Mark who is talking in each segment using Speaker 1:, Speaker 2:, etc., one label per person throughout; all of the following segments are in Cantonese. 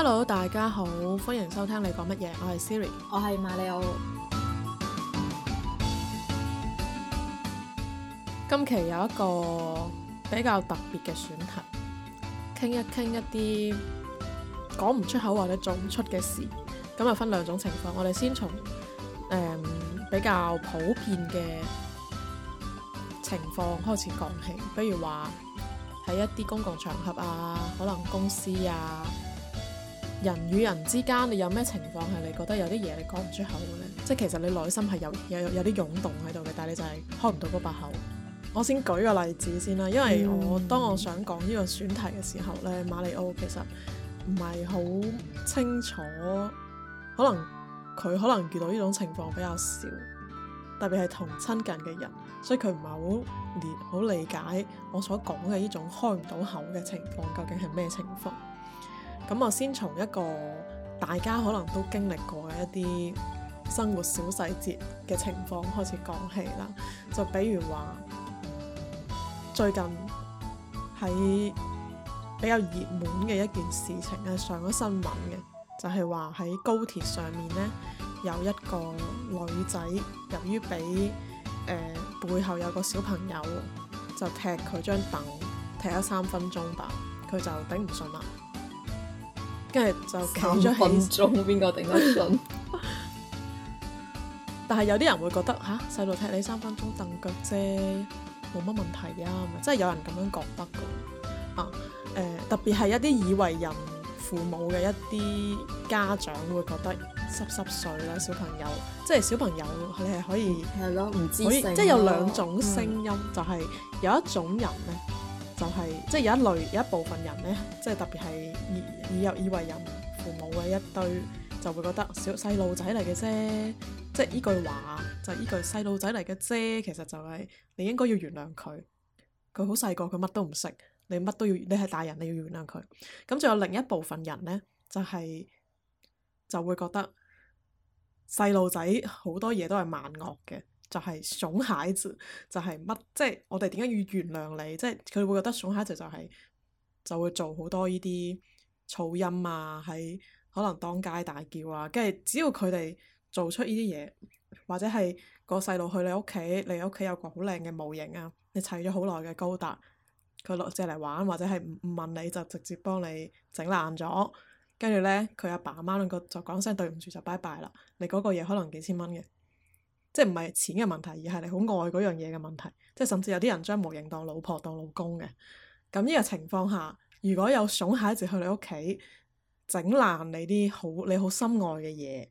Speaker 1: Hello，大家好，歡迎收聽。你講乜嘢？我係 Siri，我係瑪利奧。今期有一個比較特別嘅選題，傾一傾一啲講唔出口或者做唔出嘅事。咁啊，分兩種情況。我哋先從、嗯、比較普遍嘅情況開始講起，比如話喺一啲公共場合啊，可能公司啊。人與人之間，你有咩情況係你覺得有啲嘢你講唔出口嘅咧？即係其實你內心係有有有啲湧動喺度嘅，但係你就係開唔到嗰把口。我先舉個例子先啦，因為我、嗯、當我想講呢個選題嘅時候咧，瑪利奧其實唔係好清楚，可能佢可能遇到呢種情況比較少，特別係同親近嘅人，所以佢唔係好好理解我所講嘅呢種開唔到口嘅情況究竟係咩情況。咁我先從一個大家可能都經歷過嘅一啲生活小細節嘅情況開始講起啦。就比如話，最近喺比較熱門嘅一件事情係，上咗新聞嘅就係話喺高鐵上面呢，有一個女仔由於畀誒背後有個小朋友就踢佢張凳，踢咗三分鐘凳，佢就頂唔順啦。即係就減咗三分鐘，邊個 頂得順？ 但係有啲人會覺得吓，細、啊、路踢你三分鐘凳腳啫，冇乜問題啊！即係有人咁樣覺得嘅啊誒、呃，特別係一啲以為人父母嘅一啲家長會覺得濕濕碎啦，小朋友即係、就是、小朋友佢係可以係咯，唔知即係有兩種聲音，嗯、就係有一種人咧。就係即係有一類有一部分人呢，即係特別係以以以為人父母嘅一堆，就會覺得小細路仔嚟嘅啫，即係呢句話就呢句細路仔嚟嘅啫。其實就係你應該要原諒佢，佢好細個，佢乜都唔識，你乜都要你係大人，你要原諒佢。咁仲有另一部分人呢，就係就會覺得細路仔好多嘢都係萬惡嘅。就係聰孩子，就係、是、乜？即、就、係、是、我哋點解要原諒你？即係佢會覺得聰孩子就係、是、就會做好多呢啲噪音啊，喺可能當街大叫啊，跟住只要佢哋做出呢啲嘢，或者係個細路去你屋企，你屋企有個好靚嘅模型啊，你砌咗好耐嘅高達，佢落借嚟玩，或者係唔問你就直接幫你整爛咗，跟住咧佢阿爸阿媽兩個就講聲對唔住就拜拜啦。你嗰個嘢可能幾千蚊嘅。即係唔係錢嘅問題，而係你好愛嗰樣嘢嘅問題。即係甚至有啲人將模型當老婆當老公嘅。咁呢個情況下，如果有熊孩子去你屋企整爛你啲好你好心愛嘅嘢，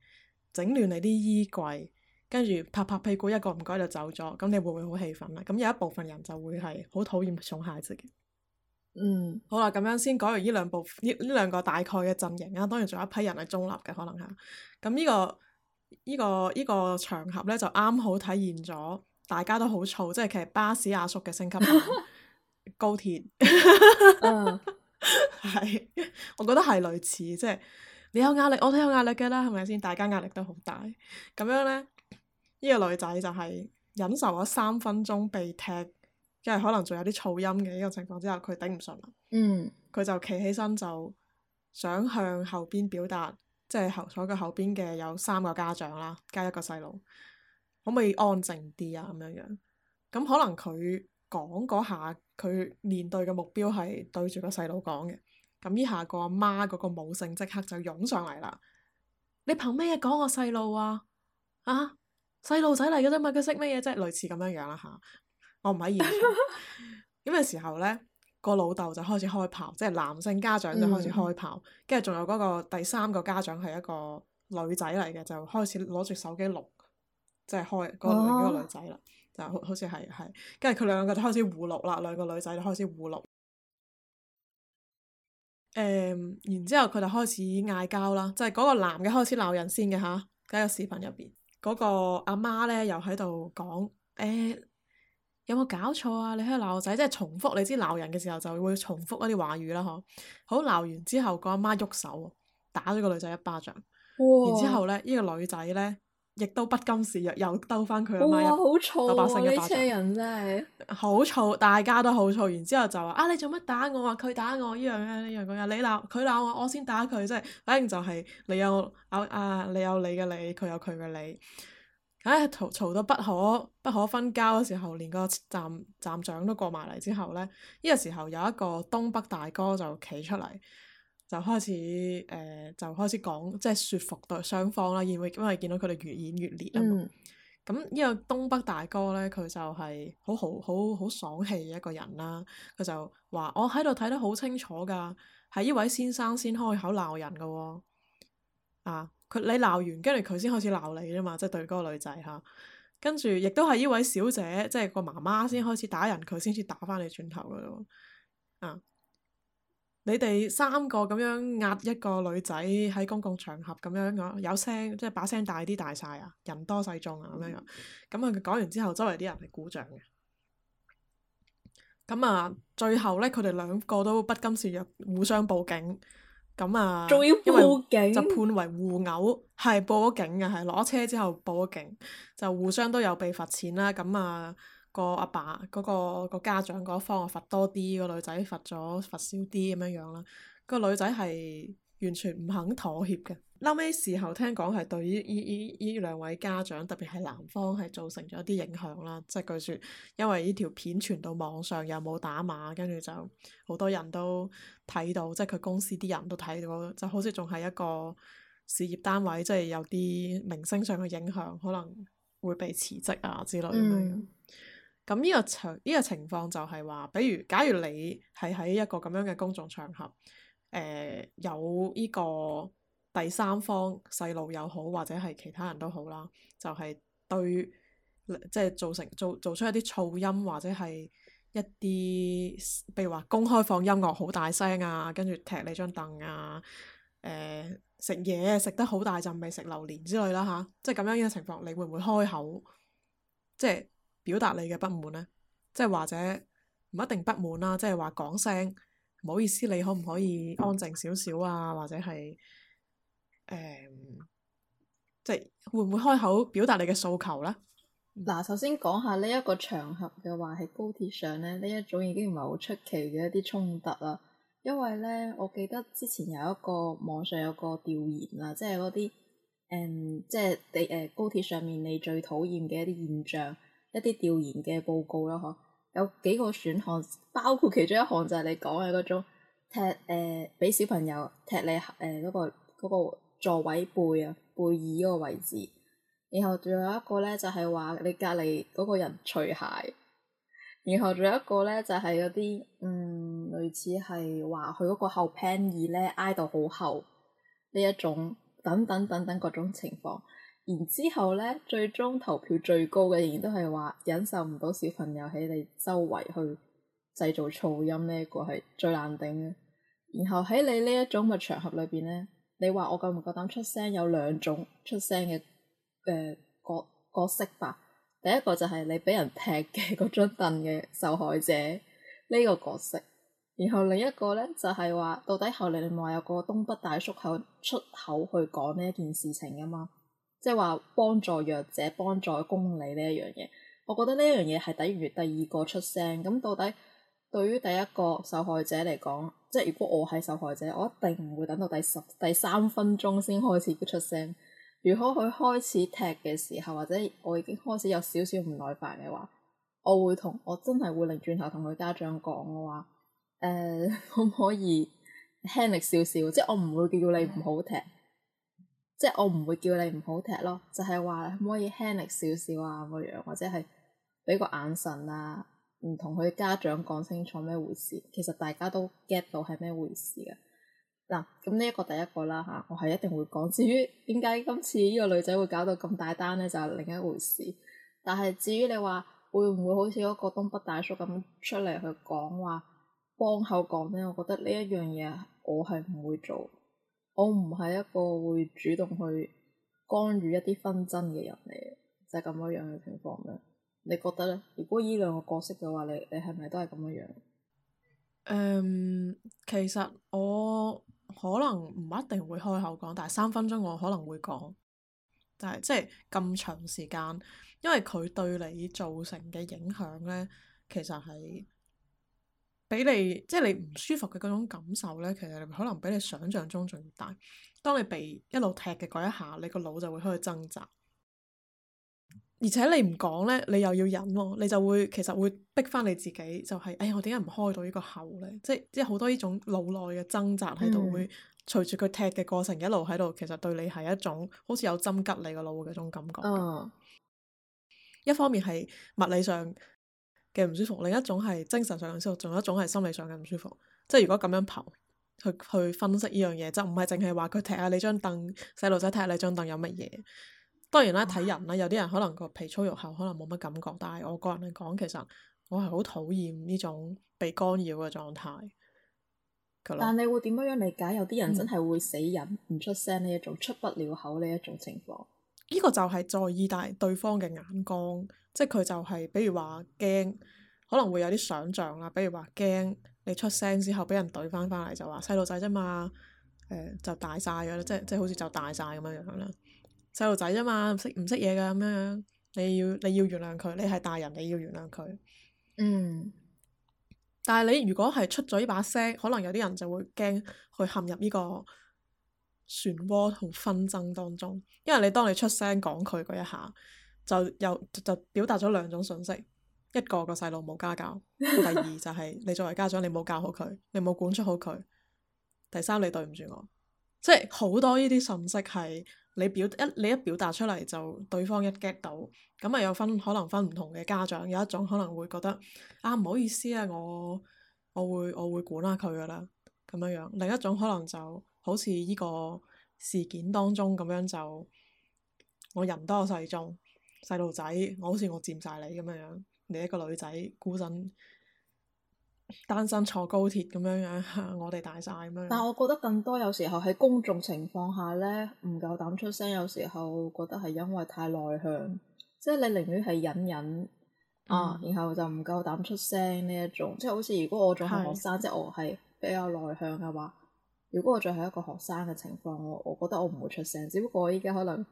Speaker 1: 整亂你啲衣櫃，跟住拍拍屁股一個唔該就走咗，咁你會唔會好氣憤咧？咁有一部分人就會係好討厭熊孩子嘅。嗯，好啦，咁樣先講完呢兩部呢呢兩個大概嘅陣營啦。當然仲有一批人係中立嘅可能吓。咁呢、呢個。呢、這個呢、這個場合咧就啱好體現咗大家都好躁，即係其實巴士阿叔嘅升級版高鐵，係，我覺得係類似，即係你有壓力，我都有壓力嘅啦，係咪先？大家壓力都好大，咁樣咧，呢、這個女仔就係忍受咗三分鐘被踢，即係可能仲有啲噪音嘅呢、這個情況之下，佢頂唔順啦，嗯，佢就企起身就想向後邊表達。即係後坐個後邊嘅有三個家長啦，加一個細路，可唔可以安靜啲啊？咁樣樣，咁、嗯、可能佢講嗰下，佢面對嘅目標係對住個細路講嘅。咁、嗯、呢下個阿媽嗰個母性即刻就湧上嚟啦。 你憑咩嘢講我細路啊？啊，細路仔嚟嘅啫嘛，佢識咩嘢啫？類似咁樣樣啦嚇。我唔喺現場，咁嘅 時候咧。個老豆就開始開炮，即係男性家長就開始開炮，跟住仲有嗰個第三個家長係一個女仔嚟嘅，就開始攞住手機錄，即、就、係、係、開嗰、嗰個女仔啦、哦，就好似係系，跟住佢兩個就開始互錄啦，兩個女仔就開始互錄，誒、嗯，然之後佢就開始嗌交啦，即係嗰個男嘅開始鬧人先嘅吓，喺個視頻入邊，嗰、嗰個阿媽咧又喺度講，誒、欸。有冇搞錯啊？你喺度鬧仔，即係重複，你知鬧人嘅時候就會重複嗰啲話語啦，嗬？好鬧完之後，個阿媽喐手，打咗個女仔一巴掌。然之後咧，呢、呢個女仔呢，亦都不甘示弱，又兜翻佢阿媽又、哦、好嘈好扯好嘈，大家都好嘈。然之後就話啊，你做乜打我？啊？佢打我，呢樣嘢呢樣嗰樣。你鬧佢鬧我，我先打佢，即係，反正就係你有啊，你有你嘅你，佢有佢嘅你。唉，嘈嘈到不可不可分交嘅時候，連個站站長都過埋嚟之後咧，呢、這個時候有一個東北大哥就企出嚟，就開始誒、呃，就開始講，即係説服對雙方啦。因為因為見到佢哋越演越烈啊嘛。咁呢、嗯、個東北大哥咧，佢就係好好好好爽氣嘅一個人啦、啊。佢就話，我喺度睇得好清楚㗎，係呢位先生先開口鬧人㗎喎、哦。啊！佢你鬧完，跟住佢先開始鬧你吖嘛，即係對嗰個女仔嚇。跟住亦都係呢位小姐，即係個媽媽先開始打人，佢先至打翻你轉頭咯。啊！你哋三個咁樣壓一個女仔喺公共場合咁樣講，有聲即係把聲大啲大晒啊！人多勢眾啊咁樣。咁佢講完之後，周圍啲人係鼓掌嘅。咁啊，最後咧，佢哋兩個都不甘示弱，互相報警。咁啊，仲、嗯、要報警就判為互毆，係報咗警嘅，係攞咗車之後報咗警，就互相都有被罰錢啦。咁、嗯、啊，個阿爸嗰、個、個家長嗰方啊罰多啲，個女仔罰咗罰少啲咁樣樣啦。個女仔係完全唔肯妥協嘅。後尾時候聽講係對於呢呢呢呢兩位家長，特別係男方係造成咗一啲影響啦。即係據說，因為呢條片傳到網上又冇打碼，跟住就好多人都睇到，即係佢公司啲人都睇到，就好似仲係一個事業單位，即係有啲名聲上嘅影響，可能會被辭職啊之類咁。咁呢個場呢個情況就係話，比如假如你係喺一個咁樣嘅公眾場合，誒、呃、有呢、呢個。第三方細路又好，或者係其他人都好啦，就係、是、對，即係做成做做出一啲噪音，或者係一啲，譬如話公開放音樂好大聲啊，跟住踢你張凳啊，誒、食嘢食得好大陣味，食榴槤之類啦、啊、吓、啊，即係咁樣嘅情況，你會唔會開口即係表達你嘅不滿呢？即係或者唔一定不滿啦，即係話講聲唔好意思，你可唔可以安靜少少啊？或者
Speaker 2: 係～誒、嗯，即係會唔會開口表達你嘅訴求咧？嗱，首先講下呢一個場合嘅話，喺高鐵上咧，呢一種已經唔係好出奇嘅一啲衝突啦。因為咧，我記得之前有一個網上有個調研啦，即係嗰啲誒，即係你誒、呃、高鐵上面你最討厭嘅一啲現象，一啲調研嘅報告啦，嗬，有幾個選項，包括其中一項就係你講嘅嗰種踢誒、俾、呃、小朋友踢你誒嗰個嗰個。那個座位背啊背椅嗰個位置，然後仲有一個咧就係話你隔籬嗰個人除鞋，然後仲有一個咧就係嗰啲嗯類似係話佢嗰個後 pan 二咧挨到好厚呢一種等等等等各種情況，然之後咧最終投票最高嘅仍然都係話忍受唔到小朋友喺你周圍去製造噪音呢一個係最難頂嘅，然後喺你呢一種嘅場合裏邊咧。你話我夠唔夠膽出聲？有兩種出聲嘅誒角角色吧？第一個就係你畀人踢嘅嗰張凳嘅受害者呢、這個角色，然後另一個咧就係、是、話到底後嚟你話有，有，有個東北大叔口出口去講呢一件事情嘅嘛，即係話幫助弱者、幫助公理呢一樣嘢。我覺得呢一樣嘢係等於第二個出聲咁到底，對於第一個受害者嚟講。即係如果我係受害者，我一定唔會等到第十第三分鐘先開始出聲。如果佢開始踢嘅時候，或者我已經開始有少少唔耐煩嘅話，我會同我真係會擰轉頭同佢家長講嘅話，誒可唔可以輕力少少？即係我唔會叫你唔好踢，即係我唔會叫你唔好踢咯，就係話可唔可以輕力少少啊？咁樣或者係俾個眼神啊。唔同佢家長講清楚咩回事，其實大家都 get 到係咩回事嘅。嗱，咁呢一個第一個啦吓、啊，我係一定會講。至於點解今次呢個女仔會搞到咁大單呢？就係、是、另一回事。但係至於你話會唔會好似嗰個東北大叔咁出嚟去講話、啊、幫口講呢？我覺得呢一樣嘢我係唔會做。我唔係一個會主動去干預一啲紛爭嘅人嚟，就係、是、咁樣樣嘅情況啦。你覺得呢？如果依兩個角色嘅話，你你係咪都係咁樣樣、
Speaker 1: 嗯？其實我可能唔一定會開口講，但係三分鐘我可能會講。但係即係咁長時間，因為佢對你造成嘅影響咧，其實係俾你即係、就是、你唔舒服嘅嗰種感受咧，其實可能比你想象中仲要大。當你被一路踢嘅嗰一下，你個腦就會開始掙扎。而且你唔講呢，你又要忍喎、啊，你就會其實會逼翻你自己，就係、是，哎呀，我點解唔開到呢個口呢？即係即係好多呢種腦內嘅掙扎喺度，嗯、會隨住佢踢嘅過程一路喺度，其實對你係一種好似有針吉你個腦嘅一種感覺。哦、一方面係物理上嘅唔舒服，另一種係精神上嘅唔舒服，仲有一種係心理上嘅唔舒服。即係如果咁樣刨去去分析呢樣嘢，就唔係淨係話佢踢下你張凳，細路仔踢下你張凳有乜嘢？當然啦，睇人啦，有啲人可能個皮粗肉厚，可能冇乜感覺。但係我個人嚟講，其實我係好討厭呢種被干擾嘅狀態。但
Speaker 2: 你會點樣樣理解？有啲人真係會死人，唔、嗯、出聲呢一種出不了口呢一種情況。呢個就係在意大對
Speaker 1: 方嘅眼光，即係佢就係、是，比如話驚，可能會有啲想像啦。比如話驚你出聲之後懟，畀人懟翻翻嚟就話細路仔啫嘛，誒、呃、就大晒嘅啦，即係即係好似就大晒咁樣樣啦。細路仔啫嘛，唔識唔識嘢㗎咁樣，你要你要原諒佢，你係大人你要原諒佢。嗯。但係你如果係出咗呢把聲，可能有啲人就會驚去陷入呢個漩渦同紛爭當中，因為你當你出聲講佢嗰一下，就又就，就表達咗兩種信息，一個個細路冇家教，第二就係你作為家長你冇教好佢，你冇管束好佢，第三你對唔住我，即係好多呢啲信息係。你表一你一表達出嚟，就對方一 get 到，咁啊有分可能分唔同嘅家長，有一種可能會覺得啊，唔好意思啊我我會我會管下佢噶啦，咁樣樣，另一種可能就好似呢個事件當中咁樣就，我人多勢眾，細路仔，我好似我佔晒你咁樣樣，你一個女仔孤身。單身坐高鐵咁樣 樣，我哋大晒咁樣。但係我
Speaker 2: 覺得更多有時候喺公眾情況下咧，唔夠膽出聲，有時候覺得係因為太內向，即係你寧願係隱忍啊，然後就唔夠膽出聲呢一種。嗯、即係好似如果我仲係學生，是即係我係比較內向嘅話，如果我仲係一個學生嘅情況，我我覺得我唔會出聲。只不過我依家可能。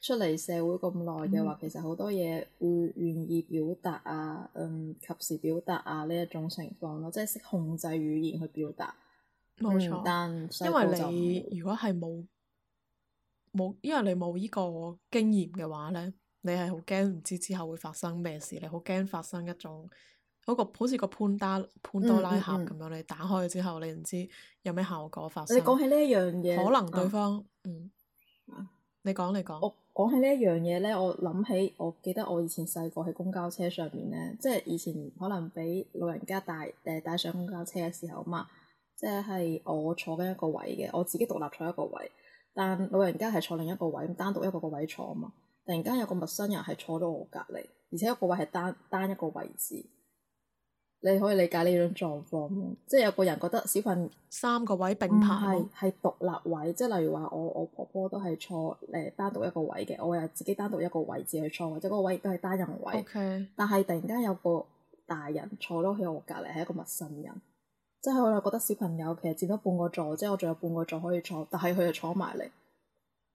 Speaker 2: 出嚟社會咁耐嘅話，嗯、其實好多嘢會願意表達啊，嗯，及時表達啊呢一種情況咯，即係識控制語言去表達。冇錯，但因為你如果係冇冇，因為你冇呢個經驗嘅話咧，你係
Speaker 1: 好驚唔知之後會發生咩事，你好驚發生一種個好似個潘達
Speaker 2: 潘多拉盒咁、嗯嗯
Speaker 1: 嗯、樣，你打開之後，你唔知有咩效果發生。你講起呢一樣嘢，可能對方
Speaker 2: 嗯。嗯你講，你講。我講起呢一樣嘢咧，我諗起我記得我以前細個喺公交車上面咧，即係以前可能畀老人家帶誒帶上公交車嘅時候嘛，即係我坐緊一個位嘅，我自己獨立坐一個位，但老人家係坐另一個位，咁單獨一個個位坐啊嘛。突然間有個陌生人係坐到我隔離，而且一個位係單單一個位置。你可以理解呢種狀況，即係有個人覺得小朋友三個位並排，係獨立位，即係例如話我我婆婆都係坐誒單獨一個位嘅，我又自己單獨一個位置去坐，或者個位亦都係單人位。Okay. 但係突然間有個大人坐咗喺我隔離，係一個陌生人。即係我又覺得小朋友其實佔咗半個座，即係我仲有半個座可以坐，但係佢就坐埋嚟。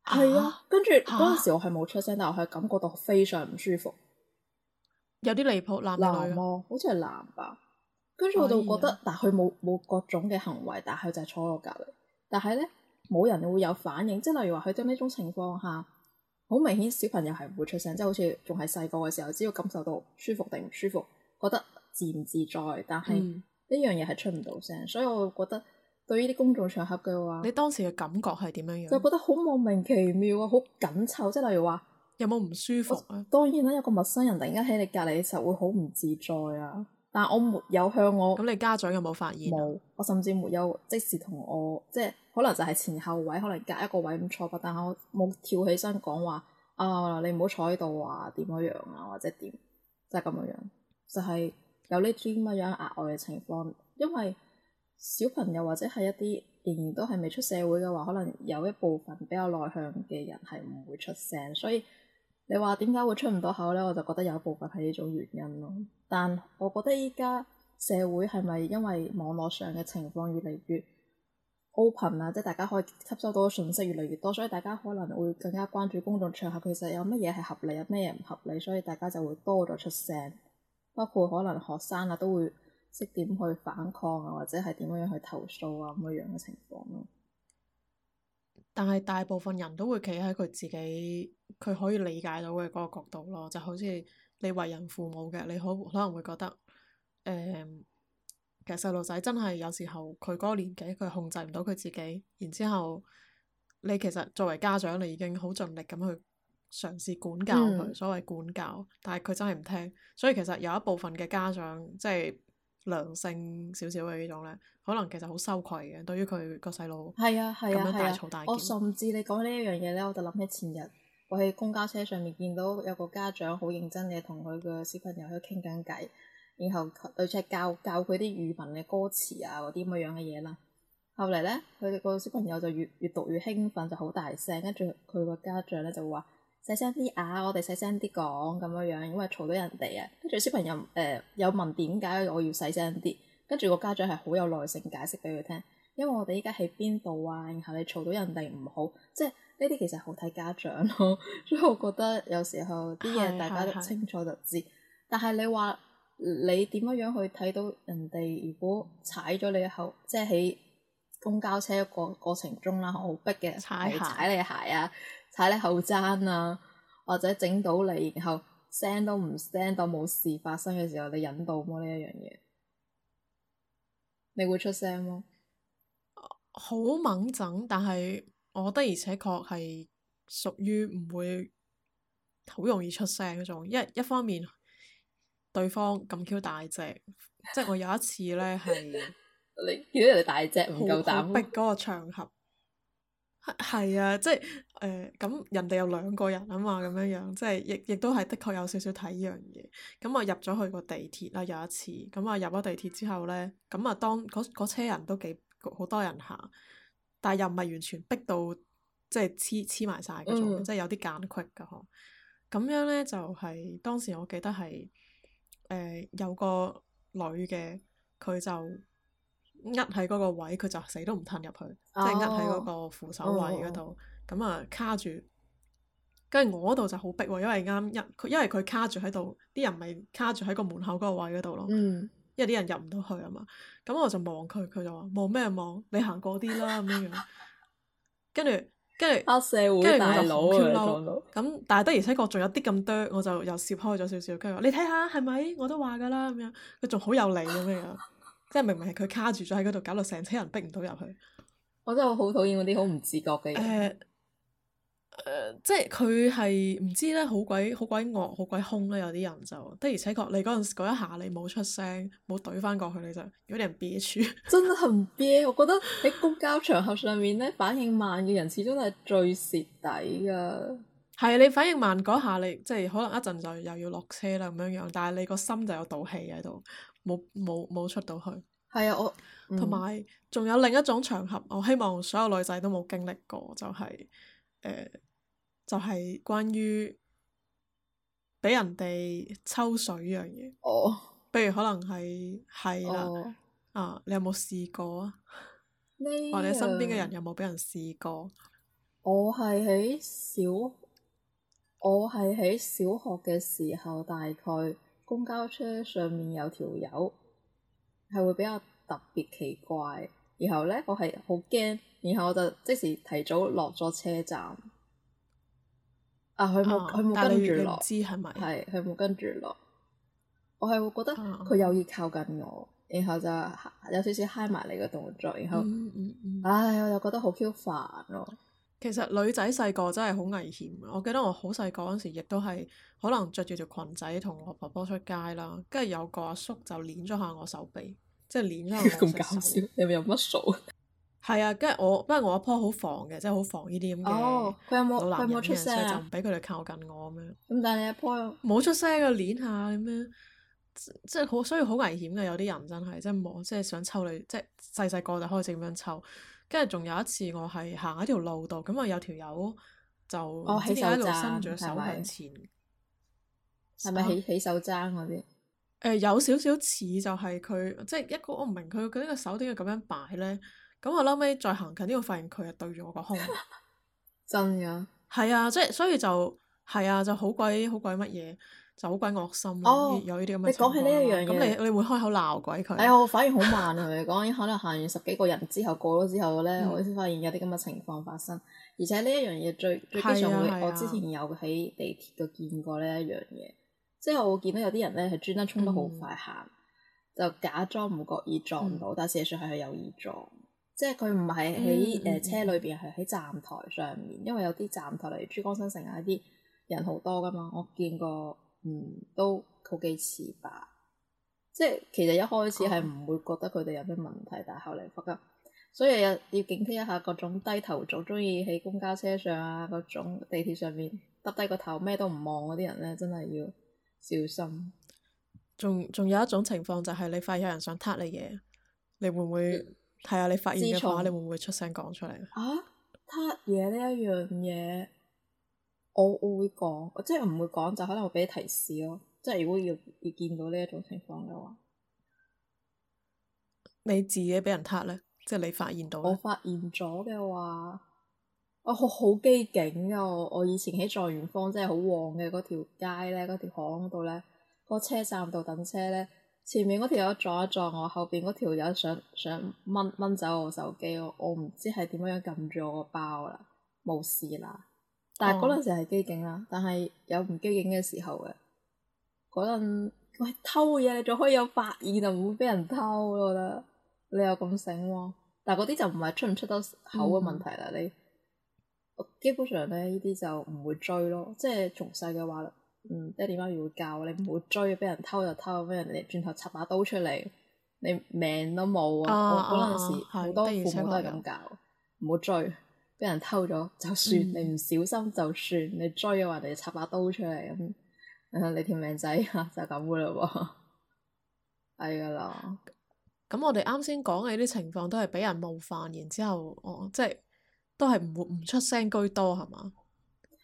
Speaker 2: 係啊，啊，跟住嗰陣時我係冇出聲，但我係感覺到非常唔舒服。有啲離譜，男定女啊？好似係男吧、啊，跟住我就覺得，哎呀，但佢冇冇各種嘅行為，但係佢就坐我隔籬，但係咧冇人會有反應。即係例如話，佢在呢種情況下，好明顯小朋友係唔會出聲，即係好似仲係細個嘅時候，只要感受到舒服定唔舒服，覺得自唔自在，但係呢樣嘢係出唔到聲。所以我覺得對呢啲公眾場合嘅話，你當時嘅感覺係點樣樣？就覺得好莫名其妙啊，好緊湊。即係例如話。有冇唔舒服咧？當然啦，有個陌生人突然間喺你隔離嘅時候，會好唔自在啊！但係我沒有向我咁，你家長有冇發現？冇，我甚至沒有即時同我，即係可能就係前後位，可能隔一個位咁坐吧。但係我冇跳起身講話啊！你唔好坐喺度話點樣樣啊？或者點？就係咁樣樣，就係有呢啲咁樣額外嘅情況。因為小朋友或者係一啲仍然都係未出社會嘅話，可能有一部分比較內向嘅人係唔會出聲，所以。你話點解會出唔到口咧？我就覺得有部分係呢種原因咯。但我覺得依家社會係咪因為網絡上嘅情況越嚟越 open 啊，即係大家可以吸收到嘅信息越嚟越多，所以大家可能會更加關注公眾場合其實有乜嘢係合理，有咩嘢唔合理，所以大家就會多咗出聲，包括可能學生啊都會識點去反抗啊，或者係點樣樣去投訴啊咁樣嘅情況咯。但係大部分人都會企喺佢自己，佢可以理解到嘅嗰個角度
Speaker 1: 咯，就好似你為人父母嘅，你可可能會覺得，誒、嗯，其實細路仔真係有時候佢嗰個年紀佢控制唔到佢自己，然之後你其實作為家長你已經好盡力咁去嘗試管教佢，嗯、所謂管教，但係佢真係唔聽，所以其實有一部分嘅家長即係。即係良性少少嘅呢種咧，可能其實好羞愧嘅。對於佢個細路，係
Speaker 2: 啊係啊係啊，大吵大鬧，我甚至你講呢一樣嘢咧，我就諗起前日我喺公交車上面見到有個家長好認真嘅同佢個小朋友喺度傾緊偈，然後對住教教佢啲語文嘅歌詞啊嗰啲咁嘅樣嘅嘢啦。後嚟咧，佢個小朋友就越越讀越興奮，就好大聲。跟住佢個家長咧就會話。細聲啲啊！我哋細聲啲講咁樣樣，因為嘈到人哋啊。跟住小朋友誒、呃、有問點解我要細聲啲，跟住個家長係好有耐性解釋俾佢聽。因為我哋依家喺邊度啊，然後你嘈到人哋唔好，即係呢啲其實好睇家長咯。所以我覺得有時候啲嘢大家都清楚就知。是是是是，但係你話你點樣樣去睇到人哋如果踩咗你口，即係喺公交車過過程中啦，好逼嘅踩樓，踩你鞋啊！踩你後踭啊，或者整到你，然後聲都唔聲到冇事發生嘅時候，你忍到麼？呢一樣嘢，你會出聲麼、啊？好、啊、猛整，但係
Speaker 1: 我覺得而且確係屬於唔會好容易出聲嗰種。一一方面，對方咁 Q 大隻， 即係我有一次
Speaker 2: 咧係 你
Speaker 1: 見到人哋大隻唔夠膽，逼嗰個場合。係啊，即係誒咁人哋有兩個人啊嘛，咁樣樣即係亦亦都係的確有少少睇呢樣嘢。咁我入咗去個地鐵啦，有一次。咁我入咗地鐵之後咧，咁啊當嗰車人都幾好多人行，但係又唔係完全逼到即係黐黐埋晒嗰種，即係、嗯、有啲間隙噶呵。咁樣咧就係、是、當時我記得係誒、呃、有個女嘅，佢就。呃，喺嗰個位，佢就死都唔褪入去，oh. 即係呃，喺嗰個扶手位嗰度，咁啊、oh. 卡住。跟住我嗰度就好逼喎，因為啱入佢，因為佢卡住喺度，啲人咪卡住喺個門口嗰個位嗰度咯。Mm. 因為啲人入唔到去啊嘛，咁我就望佢，佢就話望咩望？你行過啲啦咁樣。跟住，跟
Speaker 2: 住黑社會大佬
Speaker 1: 咁，但係的而且確仲有啲咁多，我就又笑開咗少少。跟住話你睇下係咪？我都話噶啦咁樣，佢仲好有理咁樣。即係明明係佢卡住咗喺嗰度，搞到成車人逼唔到入去。我真係好討厭嗰啲好唔自覺嘅人。呃，呃，即係佢係唔知咧，好鬼好鬼惡，好鬼凶咧。有啲人就的而且確，你嗰陣時嗰一下你冇出聲，冇懟翻過去，你就
Speaker 2: 有啲人憋住。真係唔憋， 我覺得喺公共場合上面咧， 反應慢嘅人始終係最蝕底噶。係，你反應慢嗰下，你即係可能一
Speaker 1: 陣就又要落車啦咁樣樣，但係你個心就有賭氣喺度。冇冇冇出到去。係啊，我同埋仲有另一種場合，我希望所有女仔都冇經歷過，就係、是、誒、呃，就係、是、關於畀人哋抽水呢樣嘢。哦。比如可能係係啦，啊，
Speaker 2: 哦、啊，你有冇試過
Speaker 3: 啊？麼或你身邊嘅人
Speaker 2: 有冇畀人試過？我係喺小，我係喺小學嘅時候，大概。公交車上面有條友，係會比較特別奇怪。然後咧，我係好驚，然後我就即時提早落咗車站。啊，佢冇佢冇跟住落，知係咪？係佢冇跟住落。我係會覺得佢有意靠近我，啊、然後就有少少嗨埋你嘅動作，然後唉、嗯嗯嗯哎，我就覺得好 Q 煩咯。其
Speaker 1: 實女仔細個真係好危險，我記得我好細個嗰時，亦都係可能着住條裙仔同我婆婆出街啦，跟住有個阿叔，叔就攆咗下我手臂，即係攆咗咁搞笑！你咪、 就是哦、有乜數？係啊，跟住我不過我阿婆好防嘅，即係好防呢啲咁
Speaker 2: 嘅老男人，有冇出聲，所以就唔
Speaker 1: 俾佢哋靠近我咁樣。
Speaker 2: 咁但係你阿婆
Speaker 1: 冇出聲嘅攆下咁樣，即係好，所以好危險嘅。有啲人真係即係望，即係想抽你，即係細細個就開始咁樣抽。跟住仲有一次我，我係行喺條路度，咁啊有條友就喺度伸咗手向前，係咪手起起手踭嗰啲？誒、呃、有少少似就係佢，即係一個我唔明佢佢呢個手點解咁樣擺咧？咁我撈尾再行近啲，我發現佢係對住我個胸。 真噶的。係啊，即係所以就係啊，就好鬼好鬼乜嘢。走鬼惡
Speaker 2: 心，有呢啲咁嘅。你講起呢一樣嘢，咁你你
Speaker 1: 會開口鬧鬼佢？哎呀，我反應好
Speaker 2: 慢你講，可能行完十幾個人之後，過咗之後咧，我先發現有啲咁嘅情況發生。而且呢一樣嘢最最經常會，我之前有喺地鐵度見過呢一樣嘢，即係我見到有啲人咧係專登衝得好快行，就假裝唔覺意撞到，但事實上係佢有意撞。即係佢唔係喺誒車裏邊，係喺站台上面，因為有啲站台，例如珠江新城啊啲人好多㗎嘛，我見過。嗯，都好幾次吧，即係其實一開始係唔會覺得佢哋有咩問題，嗯、但係後嚟發覺，所以要警惕一下各種低頭族，中意喺公交車上啊、各種地鐵上面耷低個頭咩都唔望嗰啲人咧，真係要小心。仲仲有，有一種情況就係、是、你發現有人想撻你嘢，
Speaker 1: 你會唔會係啊？你發現嘅話，從你會唔會出聲講出嚟
Speaker 2: 啊？撻嘢呢一樣嘢。我我會講，即係唔會講，就可能會畀你提示咯。即係如果要要見到呢一種情況嘅話，你自己畀人撻咧，即係你發現到。我發現咗嘅話，我好，好機警啊！我以前喺狀元坊，即係好旺嘅嗰條街咧，嗰條巷度咧，個車站度等車咧，前面嗰條友撞一撞我後面，後邊嗰條友想想掹掹走我手機，我我唔知係點樣撳住我個包啦，冇事啦。但係嗰陣時係機警啦，但係有唔機警嘅時候嘅嗰陣，喂，偷嘢你仲可以有發現，就唔會俾人偷咯，我覺得你又咁醒喎，但係嗰啲就唔係出唔出得口嘅問題啦。你基本上咧，依啲就唔會追咯，即係從細嘅話，嗯，爹哋媽咪會教你唔好追，俾人偷就偷，俾人哋轉頭插把刀出嚟，你命都冇啊！嗰陣時好多父母都係咁教，唔好追。俾人偷咗，就算、嗯、你唔小心，就算你追嘅話，人哋插把刀出嚟咁、嗯，你條命仔就咁噶啦喎，係噶啦。咁我哋啱先講嘅啲情況都係畀人冒犯，然之後哦，即係都係唔會唔出聲居多，係嘛？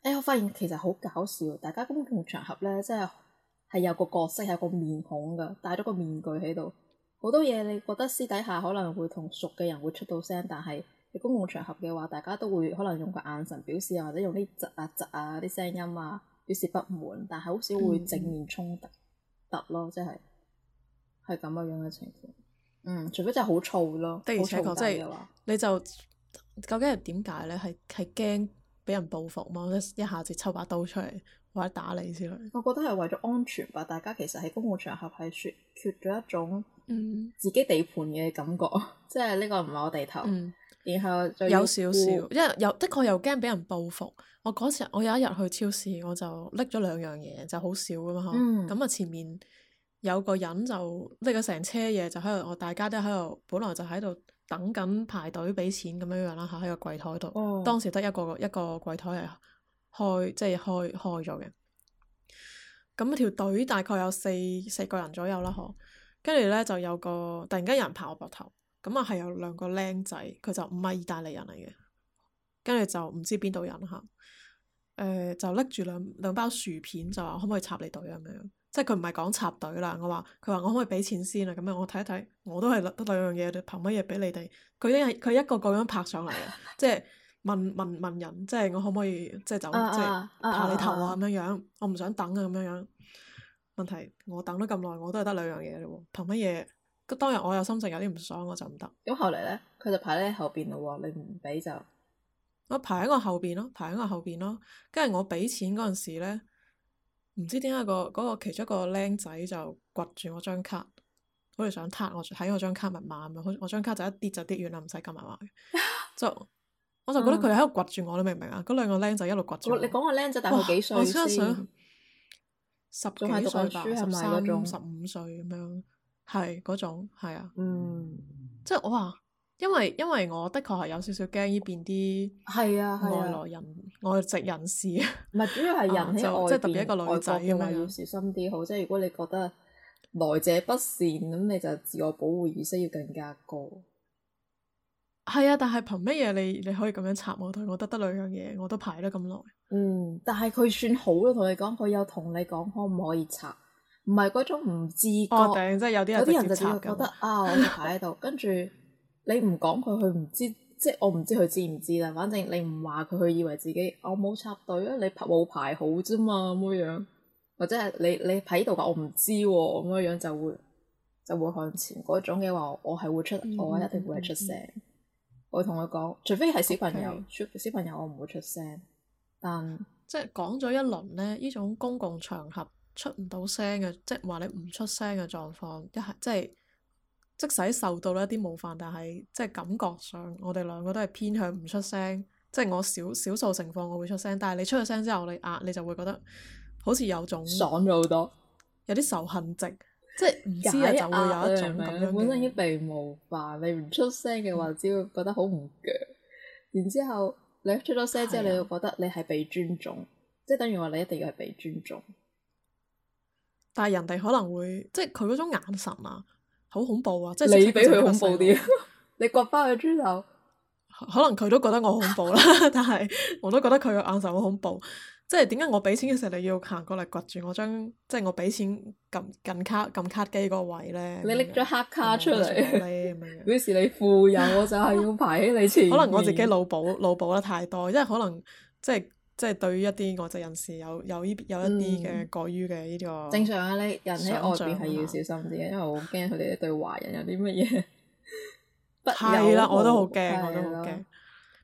Speaker 2: 哎，我發現其實好搞笑，大家公共場合咧，即係係有個角色，係個面孔噶，戴咗個面具喺度，好多嘢你覺得私底下可能會同熟嘅人會出到聲，但係。公共場合嘅話，大家都會可能用個眼神表示，或者用啲窒啊、窒啊啲聲音啊表示不滿，但係好少會正面衝突突咯，嗯、即係係咁嘅樣嘅情況。嗯，除非確確就係好燥咯，好嘈抵嘅話，你就究竟係點解咧？係係驚俾人報復嘛？一下子抽把刀出嚟或者打你之類。我覺得係為咗安全吧。大家其實喺公共場合係缺缺咗一種自己地盤嘅感覺，即係呢個唔係我地頭。嗯。然後有少少，因為又的
Speaker 1: 確又驚俾人報復。我嗰時我有一日去超市，我就拎咗兩樣嘢，就好少㗎嘛，嚇、嗯。咁啊前面有個人就拎咗成車嘢，就喺度，我大家都喺度，本來就喺度等緊排隊俾錢咁樣樣啦，嚇、啊、喺個櫃台度。哦、當時得一個一個櫃台係開，即係開開咗嘅。咁條隊大概有四四個人左右啦，嗬、啊，跟住咧就有個突然間有人拍我膊頭。咁啊，係、嗯、有兩個僆仔，佢就唔係意大利人嚟嘅，跟住就唔知邊度人嚇。誒、呃，就拎住兩兩包薯片，就話可唔可以插你隊咁、啊、樣？即係佢唔係講插隊啦。我話佢話我可唔可以俾錢先啊？咁樣我睇一睇，我都係得兩樣嘢，憑乜嘢俾你哋？佢啲係佢一個個咁樣拍上嚟嘅，即係 問問問人，即係我可唔可以即係走即係爬你頭啊咁樣樣？我唔想等啊咁樣樣。
Speaker 2: 問題我等咗咁耐，我都係得兩樣嘢啫喎，憑乜嘢？嗰當日我又心情有啲唔爽，我就唔得。咁後嚟咧，佢就排喺你後邊嘞喎，你唔俾就我
Speaker 1: 排喺我後邊咯，排喺我後邊咯。跟住我俾錢嗰陣時咧，唔、嗯、知點解個嗰其中一個僆仔就掘住我張卡，好似想攤我喺我張卡密碼咁樣。我張卡就一跌就一跌完啦，唔使撳密碼嘅。就、 so, 我就覺得佢喺度掘住我，你、嗯、明唔明啊？嗰兩個僆仔一路掘住。你講個僆仔大概幾歲啊？我真係想十幾歲吧、十三、十五、十五歲咁樣。係嗰種，係啊，嗯，即係我話，因為因為我的確係有少少驚呢邊啲係啊外來人
Speaker 2: 外籍人士啊，唔係主要係人喺外即係特別一個女仔嘅話要小心啲好，即係如果你覺得來者不善咁，你就自我保護意識要更加高。
Speaker 1: 係啊，但係憑乜嘢你你可以咁樣插我台？我得
Speaker 2: 得兩樣嘢，我都排得咁耐。嗯，但係佢算好咯，同你講，佢有同你講可唔可以插。唔係嗰種唔知，即係有啲人就只係覺得啊，我會排喺度， 跟住你唔講佢，佢唔知，即係我唔知佢知唔知啦。反正你唔話佢，佢以為自己我冇插隊啊，你冇排好啫嘛咁樣，或者係你你排喺度嘅，我唔知喎咁樣就會就會向前嗰種嘅話，我係會出，嗯、我一定會出聲。嗯嗯、我同佢講，除非係小朋友，okay. 小朋友我唔會出聲。但即係講咗一輪咧，呢種公共場合。
Speaker 1: 出唔到聲嘅，即係話你唔出聲嘅狀況，一係即係即使受到一啲冒犯，但係即係感覺上我哋兩個都係偏向唔出聲。即係我少少數情況我會出聲，但係你出咗聲之後，你壓、啊、你就會覺得好似有種爽
Speaker 2: 咗好多，有啲仇恨值。即係是
Speaker 3: 唔知啊，就會有一種咁樣、啊是是。本身
Speaker 2: 已經被冒犯，你唔出聲嘅話，只會覺得好唔強。然之後你出咗聲之後，啊、你就覺得你係被尊重，即係等於話你一定要係被尊重。但係人哋可能會，即係佢嗰種眼神啊，好恐怖啊！即係你俾
Speaker 3: 佢恐怖啲，
Speaker 1: 你掘翻佢豬頭。可能佢都覺得我恐怖啦， 但係我都覺得佢個眼神好恐怖。即係點解我畀錢嘅時， 時候你要行過嚟掘住我張，即係我畀錢撳撳卡撳卡機嗰個位咧？你拎
Speaker 2: 咗黑卡出嚟，
Speaker 1: 嗰時你富有，我就係要排喺你前面。可能我自己腦補腦補得太多，即係可能即係。即係對於一啲外籍人士有有依有一啲嘅過於嘅呢個正常
Speaker 2: 啊，你人喺外邊係要小心啲，因為我好驚佢哋對華人有啲乜嘢。係啦，我都好驚，的我都好驚。的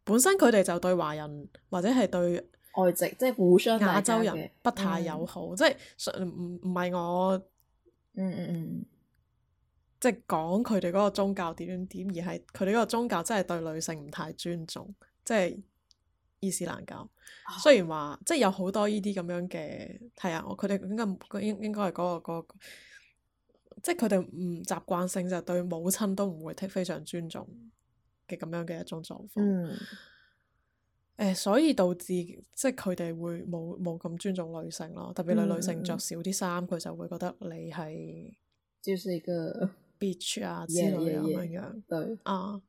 Speaker 2: 本身佢哋就對華
Speaker 1: 人或者係對外籍即係互相亞洲人不太友好，即係唔唔係我。嗯嗯嗯。即係講佢哋嗰個宗教點點點，而係佢哋嗰個宗教真係對女性唔太尊重，即係。伊斯蘭教，雖然話即係有好多呢啲咁樣嘅。係啊，我佢哋應該應應該係嗰、嗰個、嗰個、即係佢哋唔習慣性就是、對母親都唔會非常尊重嘅咁樣嘅一種狀況。嗯、欸。所以導致即係佢哋會冇冇咁尊重女性咯，特別女女性着少啲衫，佢、嗯、就會覺得你係。就是一個 bitch 啊之類咁樣樣。啊。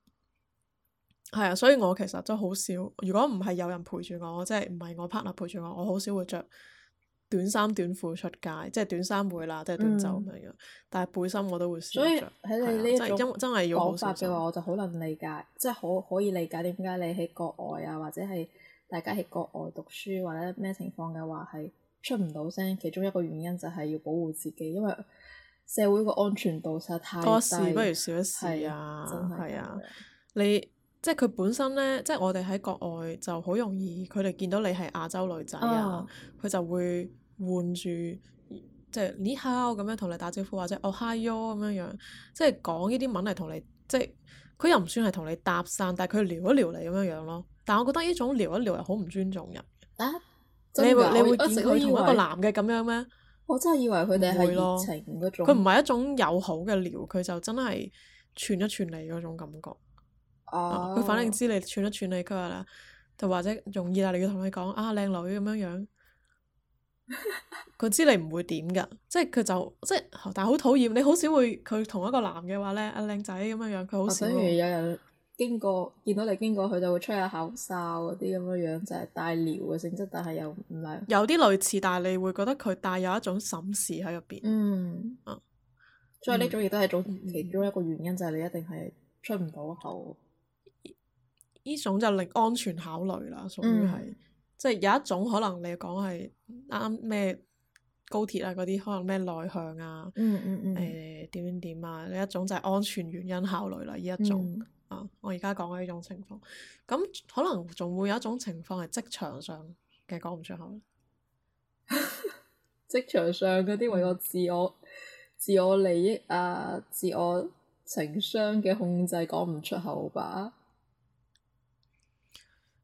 Speaker 1: 係啊，所以我其實都好少。如果唔係有人陪住我，即係唔係我 partner 陪住我，我好少會着短衫短褲出街，即係短衫會啦，即係短袖咁樣。嗯，但係背心我都會少著。喺你呢一種講法嘅
Speaker 2: 話，我就好能理解，即係可可以理解點解你喺國外啊，或者係大家喺國外讀書或者咩情況嘅話係出唔到聲。其中一個原因就係要保護自己，因為社會個安全度實在太低。多事不如少事啊，係啊，你。
Speaker 1: 即係佢本身咧，即係我哋喺國外就好容易，佢哋見到你係亞洲女仔啊，佢、哦、就會換住即係你好，咁樣同你打招呼，或者哦、oh, hi you 咁樣樣，即係講呢啲文嚟同你，即係佢又唔算係同你搭訕，但係佢撩一撩你咁樣樣咯。但我覺得呢種撩一撩係好唔尊重人。
Speaker 3: 啊你，你會也你會佢同一個男
Speaker 1: 嘅咁樣咩？
Speaker 2: 我真係以為佢哋係熱情嗰種，佢唔
Speaker 1: 係一種友好嘅聊，佢就真係串一串嚟嗰種感覺。佢、oh. 哦、反正知你串一串你，佢話啦，就或者用意大利語同你講啊，靚女咁樣樣。佢知你唔會點噶，即係佢就即係、哦，但係好討厭。你好少會佢同一個男嘅話咧，啊靚仔咁
Speaker 2: 樣樣，佢好少。所以、啊、有人經過見到你經過，佢就會吹下口哨嗰啲咁樣樣，就係帶撩嘅性質，但係又唔係。
Speaker 1: 有啲類似，但係你會覺得佢帶有一種審視喺入邊。嗯，啊、
Speaker 3: 嗯，所以呢
Speaker 1: 種亦都係一種其中一個原因，嗯、就係你一定係出唔到口。呢種就另安全考慮啦，屬於係、mm hmm. 即係有一種可能你講係啱咩高鐵啊嗰啲，可能咩內向啊，誒點點點啊，呢一種就係安全原因考慮啦。呢一種、mm hmm. 啊，我而家講嘅呢種情況，咁可能仲會有一種情
Speaker 2: 況係職場上嘅講唔出口。職 場上嗰啲為咗自我、自我利益啊、自我情商嘅控制講唔出口吧。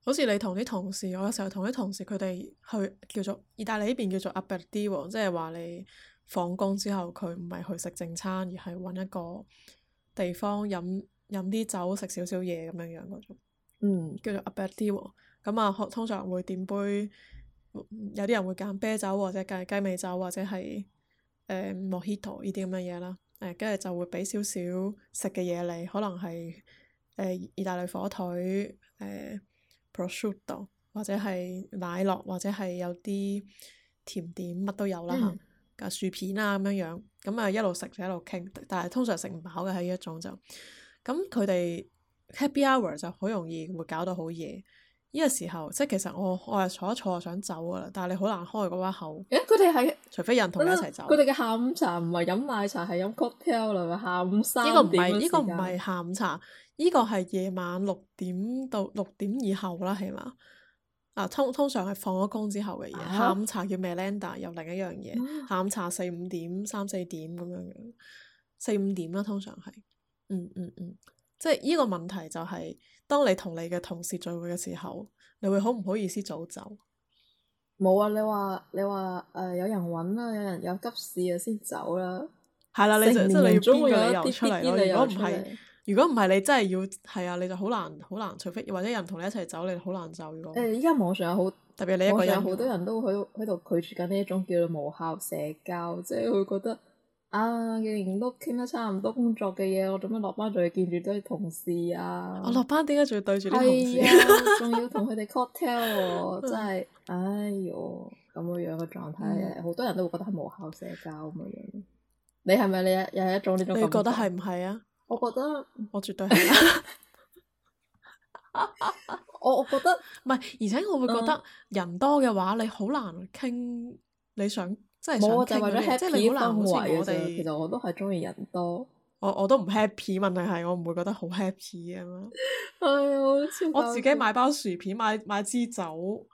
Speaker 2: 好似你同啲
Speaker 1: 同事，我有時候同啲同事佢哋去叫做意大利呢邊叫做 aperitivo 即係話你放工之後，佢唔係去食正餐，而係揾一個地方飲飲啲酒，食少少嘢咁樣樣嗰種。嗯。叫做 aperitivo 喎，咁啊通常會點杯，有啲人會揀啤酒或者雞雞尾酒或者係 Mojito 呢啲咁嘅嘢啦，誒跟住就會畀少少食嘅嘢嚟，可能係誒、呃、意大利火腿誒。呃或者係奶酪或者係有啲甜點，乜都有啦吓、嗯啊，薯片啊咁樣樣，咁啊一路食就一路傾，但係通常食唔飽嘅係一種就，咁佢哋 happy hour 就好容易會搞到好夜。呢個時候，即係其實我我係坐一坐，就想走噶啦，但係你好難開嗰把口。誒、欸，佢哋係除非有人同你一齊走。佢哋嘅
Speaker 2: 下午茶唔係飲奶茶，係飲 cocktail 啦。下午三點嘅時間。呢個唔係呢個唔
Speaker 1: 係下午茶，呢、呢個係夜晚六點到六點以後啦，係嘛？啊，通,通常係放咗工之後嘅嘢。Uh huh. 下午茶叫 Melinda，又另一樣嘢。Uh huh. 下午茶四五點、三四點咁樣嘅，四五點啦，通常係。嗯嗯嗯，即係呢個問題就係、是。當你同你嘅同事聚會嘅時候，你會好
Speaker 2: 唔好意思早走？冇啊！你話你話誒、呃，有人揾啊，有人有急事啊，先走啦、啊。係啦，你就即係你要編個理由出嚟咯、啊。如果唔係，
Speaker 1: 如果唔係，你真係要係啊，你就好難好難，難除非或者人同你一齊走，你好難走如果。誒、呃，而
Speaker 2: 家網上有好特別，你一個人有好多人都喺喺度拒絕緊呢一種叫做無效社交，即係會覺得。啊，既然都傾得差唔多工作嘅嘢，我做咩落班仲要見住啲同事啊？我落班點解仲要對住啲同事？仲要同佢哋 c o l l tell 我， 真係，哎喲，咁樣樣嘅狀態，好、嗯、多人都會覺得係無效社交咁樣樣。你係咪你有又係一種呢種感覺？你覺得係唔係啊？我覺得，我絕對係。我我覺得，唔係，而
Speaker 1: 且我會覺得人多嘅話，你好難傾，你想。冇啊，真我就為咗吃。a 即係你好難我哋其實我都係中意人多，我我都唔 happy，問題係我唔會覺得好 happy 咁樣。 唉，我，好我自己買包薯片，買買支酒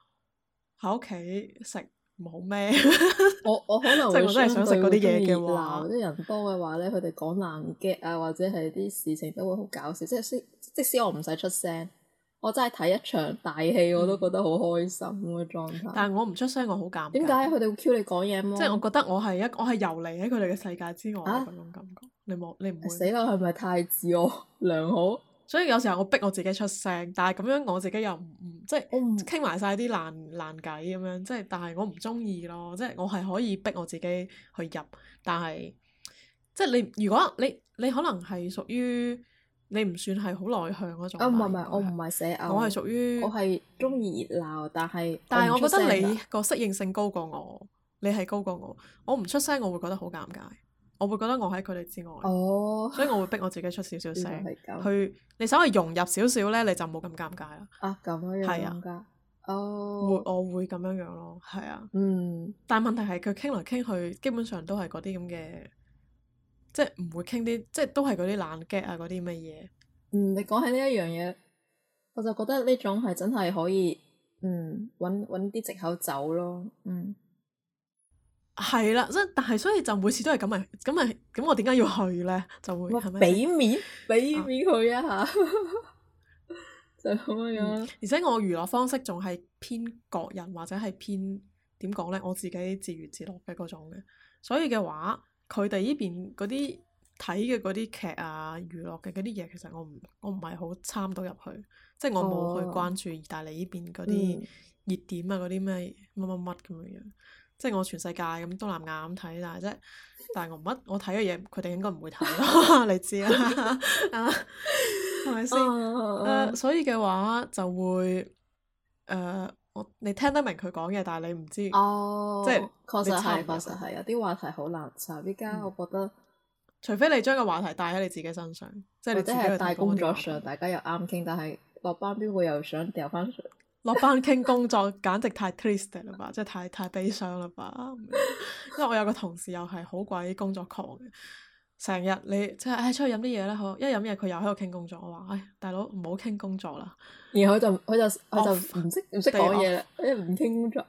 Speaker 1: 喺屋企食，冇咩。 我我可能會 即係我都係想食嗰啲嘢嘅話，即
Speaker 2: 係人多嘅話咧，佢哋講爛 gag 啊，或者係啲事情都會好搞笑。即係即使我唔使出聲，我真係睇一場大戲，我都覺得好開心嘅狀態。嗯、但係我唔出聲，我好尷尬。點解佢哋會 Q 你講嘢？即係我覺得我係
Speaker 1: 一，我係遊離喺佢哋嘅世界之外嗰、啊、種感
Speaker 2: 覺。你冇，你唔會。死咯！係咪太自我 良
Speaker 1: 好？所以有時候我逼我自己出聲，但係咁樣我自己又唔唔即係傾埋晒啲爛爛偈咁樣，即係但係我唔中意咯。即係我係可以逼我自己去入，但係即係你如果你你，你可能係屬於。你唔算係好內向嗰種。啊唔係唔係，我唔係社牛。我係屬於。我係中意熱鬧，但係。但係我覺得你個適應性高過我，你係高過我。我唔出聲，我會覺得好尷尬。我會覺得我喺佢哋之外。哦。所以我會逼我自己出少少聲。唉去，你稍微融入少少咧，你就冇咁尷尬啦。啊，咁樣、啊哦、樣。係啊。哦。會，我會咁樣樣咯，係啊。嗯。但係問題係佢傾嚟傾去，基本上都係嗰啲咁嘅。即係唔會傾啲，即係都係嗰啲爛劇啊，嗰啲乜嘢。
Speaker 2: 嗯，你講起呢一樣嘢，我就覺得呢種係真係可以，
Speaker 3: 嗯，
Speaker 2: 搵搵啲藉口走咯。嗯，係啦，即係
Speaker 1: 但係所以就每次都係咁咪，咁咪咁我點解要去咧？就會係俾面俾面佢一下，
Speaker 2: 啊、
Speaker 1: 就咁樣樣、嗯。而且我娛樂方式仲係偏個人或者係偏點講咧，我自己自娛自樂嘅嗰種嘅，所以嘅話。佢哋呢邊嗰啲睇嘅嗰啲劇啊，娛樂嘅嗰啲嘢，其實我唔我唔係好參到入去，即係我冇去關注意大利呢邊嗰啲熱點啊，嗰啲咩乜乜乜咁樣樣，即係我全世界咁東南亞咁睇，但係即係但係我乜我睇嘅嘢，佢哋應該唔會睇囉， 你知啦、
Speaker 3: 啊，係咪先？誒，所
Speaker 1: 以嘅話就會誒。Uh, 我你聽得明佢講嘢，但係你唔知，oh, 即
Speaker 3: 係確實係，確
Speaker 1: 實係有啲
Speaker 2: 話題好難查。而家我覺得，嗯、除非你將個話題帶喺你自己身上，即係即係你自己帶工作上，大家又啱傾。但係落班邊會又想掉翻？
Speaker 1: 落 班傾工作簡直太 triste 啦吧， 即係太太悲傷啦吧。 因為我有個同事又係好鬼工作狂嘅。成日你即、就、係、是，唉、哎，出去飲啲嘢啦，好一飲嘢佢又喺度傾工作，我、哎、作 off，話，唉，大佬唔好傾工作啦，
Speaker 2: 然後就佢就佢就唔識唔識講嘢，一唔傾工作，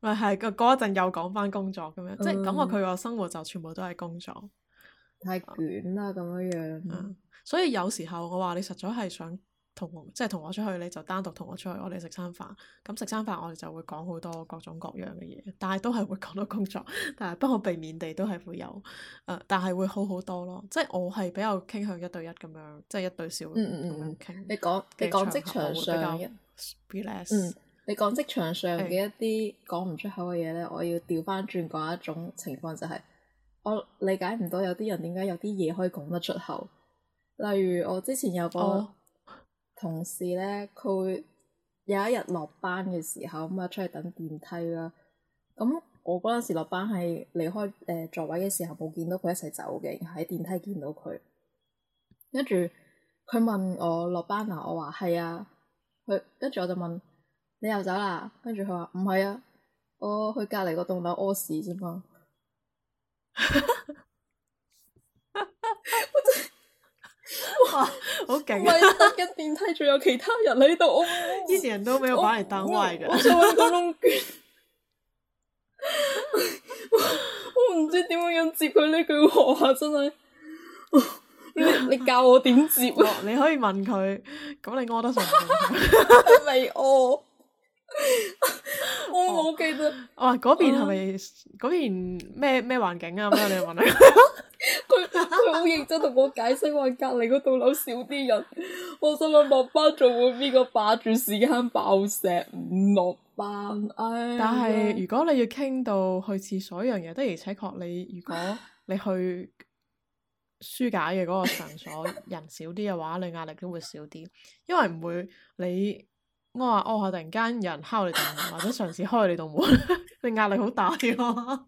Speaker 2: 咪係過一
Speaker 1: 陣又講翻工作咁樣，即係感覺佢個生活就全部都係工作，
Speaker 2: 太卷啦咁樣樣，hmm。所以有
Speaker 1: 時候我話你實在係想。同即係同我出去你就單獨同我出去。我哋食餐飯咁食餐飯，飯我哋就會講好多各種各樣嘅嘢，但係都係會講到工作，但係不過避免地都係會有誒、呃，但係會好好多咯。即係我係比較傾向一對一咁樣，
Speaker 2: 即係一對少咁樣傾。你講你講職場上，嗯，你講職場上嘅一啲講唔出口嘅嘢咧，嗯、我要調翻轉講一種情況、就是，就係我理解唔到有啲人點解有啲嘢可以講得出口。例如我之前有個，哦同事咧，佢有一日落班嘅時候啊嘛，出去等電梯啦。咁我嗰陣時落班係離開誒、呃、座位嘅時候，冇見到佢一齊走嘅，喺電梯見到佢。跟住佢問我落班啦？啊，我話係啊。佢跟住我就問你又走啦？跟住佢話唔係啊，我去隔離個棟樓屙屎啫嘛。
Speaker 1: 我唔係得緊電梯，仲有其他人喺度。我一點都沒有把你當外
Speaker 3: 人。我想搵個
Speaker 1: 龍娟。我唔
Speaker 2: 知點樣樣接佢呢句話，真係。你你教我點接？
Speaker 1: 你可以問佢。咁你屙得上未？我我冇記得。哇，嗰邊係咪嗰邊咩咩環境啊？咁樣你問下佢。
Speaker 2: 佢佢好認真同我解釋話隔籬嗰棟樓少啲人， 我心諗落班仲會邊個霸住時間爆石唔落班唉！哎、但係如果
Speaker 1: 你要傾到去廁所一樣嘢，的而且確，你如果你去紓解嘅嗰個場所 人少啲嘅話，你壓力都會少啲，因為唔會你我話哦下突然間有人敲你門或者上次開你棟門， 你壓力好大、啊。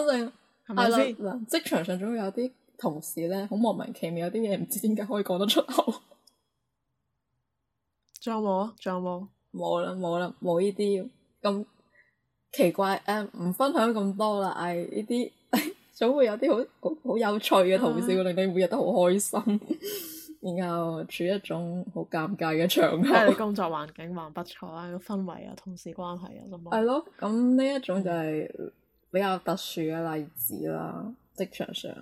Speaker 2: 反正係咪先？嗱，了 職場上總會有啲同事呢，好莫名其妙，有啲嘢唔知點解可以講得出口。仲有冇仲有冇？冇啦，冇啦，冇呢啲咁奇怪。誒、哎，唔分享咁多啦。誒、哎，呢啲 總會有啲好好有趣嘅同事，哎、令你每日都好開心。 然後處一種好尷尬嘅場合，哎、工
Speaker 1: 作環境還不錯啦，個氛圍啊，同事關係啊，咁。係
Speaker 2: 咯，咁呢一種就係、是。 比較特殊嘅例子啦，職場上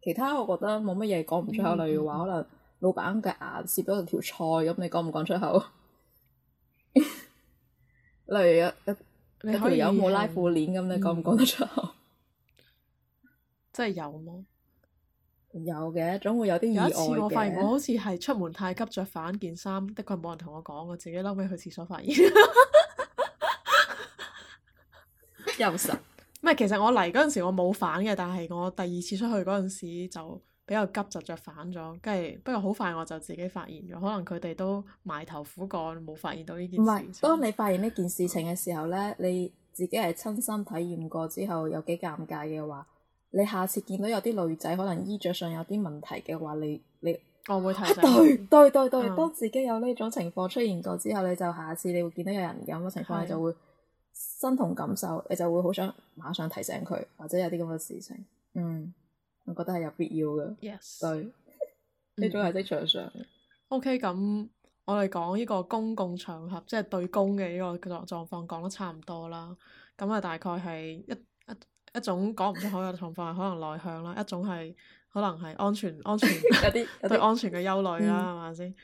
Speaker 2: 其他我覺得冇乜嘢講唔出口。嗯、例如話，可能老闆嘅眼蝕到條菜咁，你講唔講出口？ 例如一一，可一條友冇拉褲鏈咁，是你講唔講得出
Speaker 1: 口？嗯、真係有咯，有嘅總會有啲意思。我發現我好似係出門太急着反件衫，的確冇人同我講過，我自己嬲尾去廁所發現，又實。唔係，其實我嚟嗰陣時我冇反嘅，但係我第二次出去嗰陣時就比較急就着反咗，跟住不過好快我就自己發現咗。可能佢哋都埋頭苦幹，冇發現到呢件事。唔係，
Speaker 2: 所以，當你發現呢件事情嘅時候咧，你自己係親身體驗過之後有幾尷尬嘅話，你下次見到有啲女仔可能衣着上有啲問題嘅話，你你，我會睇。啊、對對對對，嗯、當自己有呢種情況出現過之後，你就下次你會見到有人咁嘅情況，你就會，身同感受，你就會好想馬上提醒佢，或者有啲咁嘅事情。嗯，我覺得係有必要嘅，Yes. 對呢種係職場上。OK，咁我哋講呢個
Speaker 1: 公共場合，即係對公嘅呢個狀狀況，講得差唔多啦。咁啊，大概係一一一種講唔出口嘅狀況，可能內向啦；一種係可能係安全安全，安全 有啲對安全嘅憂慮啦，係咪先？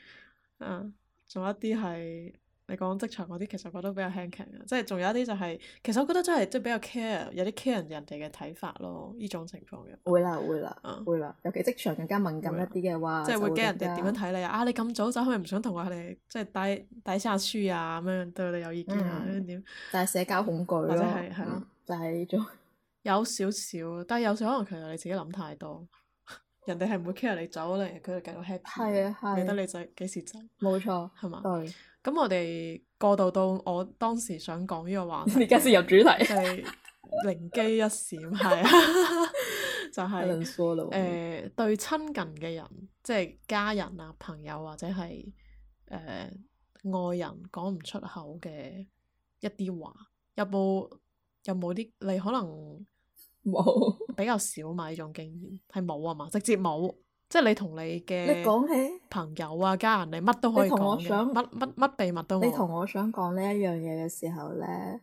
Speaker 1: 啊，仲有一啲係。你講職場嗰啲，其實我覺得比較輕強嘅，即係仲有一啲就係、是，其實我覺得真係即係比較 care，有啲 care 人哋嘅睇法咯，呢種情況嘅。
Speaker 2: 會啦，會啦，會啦、嗯，尤其職場更加敏感一啲嘅話。即係會驚人哋點樣
Speaker 1: 睇你，你，你啊？你咁早走係咪唔想同我哋即係帶帶曬書啊？咩對你有意見啊？點、嗯？樣樣但係社交恐懼咯。或者係係咯，就係呢種。有少少，但係有時可能其實你自己諗太多。人哋係唔會 care 你走嗰陣，佢哋繼續 happy 係啊係。對對對理得你再幾時走？冇錯。係嘛？對。對咁我哋過渡到我當時想講呢個話題，你而家先入主題，係靈機一閃，係 啊，就係誒對親近嘅人，即係家人啊、朋友或者係誒、呃、愛人講唔出口嘅一啲話，有冇有冇啲你可能冇比較少嘛呢種經驗？係冇啊嘛，直接冇。
Speaker 2: 即係你同你嘅朋友啊、家人，你乜都可以講嘅，乜乜乜秘密都。你同我想講呢一樣嘢嘅時候咧，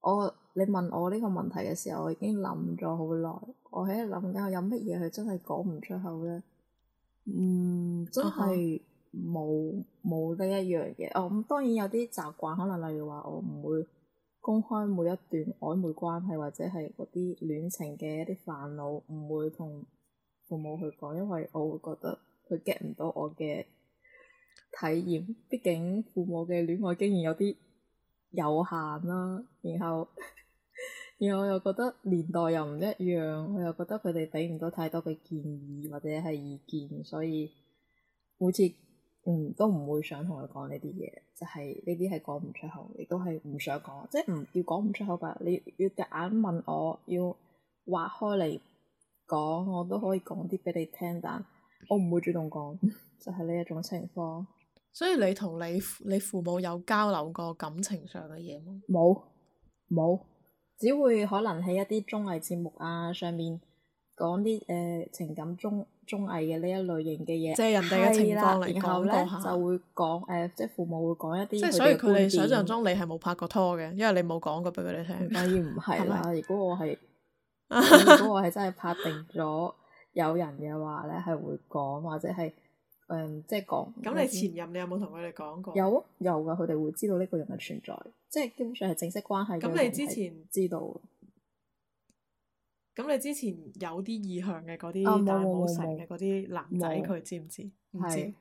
Speaker 2: 我你問我呢個問題嘅時候，我已經諗咗好耐，我喺度諗緊我有乜嘢佢真係講唔出口咧。嗯，真係冇冇呢一樣嘢。哦，咁當然有啲習慣，可能例如話我唔會公開每一段曖昧關係或者係嗰啲戀情嘅一啲煩惱，唔會同父母去講，因為我會覺得佢 get 唔到我嘅體驗，畢竟父母嘅戀愛經驗有啲有限啦、啊。然後，然後我又覺得年代又唔一樣，我又覺得佢哋畀唔到太多嘅建議或者係意見，所以好似嗯都唔會想同佢講呢啲嘢，就係呢啲係講唔出口，亦都係唔想講，即係唔、嗯、要講唔出口吧。你要夾硬問我，要挖開嚟。講我都可以講啲俾你聽，但我唔會主動講，就係呢一種情況。所以你同你你父母有交流過感情上嘅嘢嗎？冇冇，只會可能喺一啲綜藝節目啊上面講啲誒情感綜綜藝嘅呢一類型嘅嘢。即係人哋嘅情況嚟講，就會講誒，即係父母會講一啲。即係所以佢哋點想象中你係冇拍過拖嘅，因為你冇講過俾佢哋聽。當然唔係啦， 如果我係。 如果我係真係拍定咗有人嘅話咧，係會講或者係誒，即係講。咁你前任，你有冇同佢哋講過？有，有噶，佢哋會知道呢個人嘅存在，即係基本上係正式關係。咁你之前知道？
Speaker 1: 咁你之前有啲意向嘅嗰啲，但係冇成嘅嗰啲男仔，佢知唔知？唔知。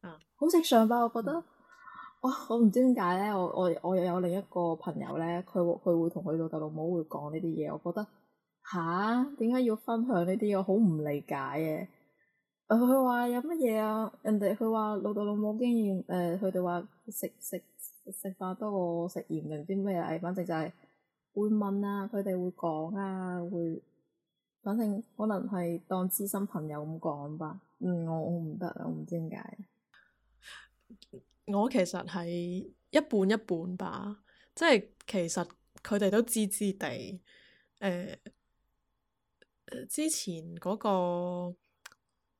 Speaker 2: 啊，好正常吧？我覺得，哇！我唔知點解咧，我我我又有另一個朋友咧，佢佢會同佢老豆老母會講呢啲嘢，我覺得。吓？點解要分享呢啲我好唔理解嘅。佢、呃、話有乜嘢啊？人哋佢話老豆老母經驗誒，佢哋話食食食飯多過食鹽定唔知咩嘢誒，反正就係會問啊，佢哋會講啊，會，反正可能係當知心朋友咁講吧。嗯，我唔得啊，我唔知點解。我其實
Speaker 1: 係一半一半吧，即係其實佢哋都知知地誒。呃之前嗰、那個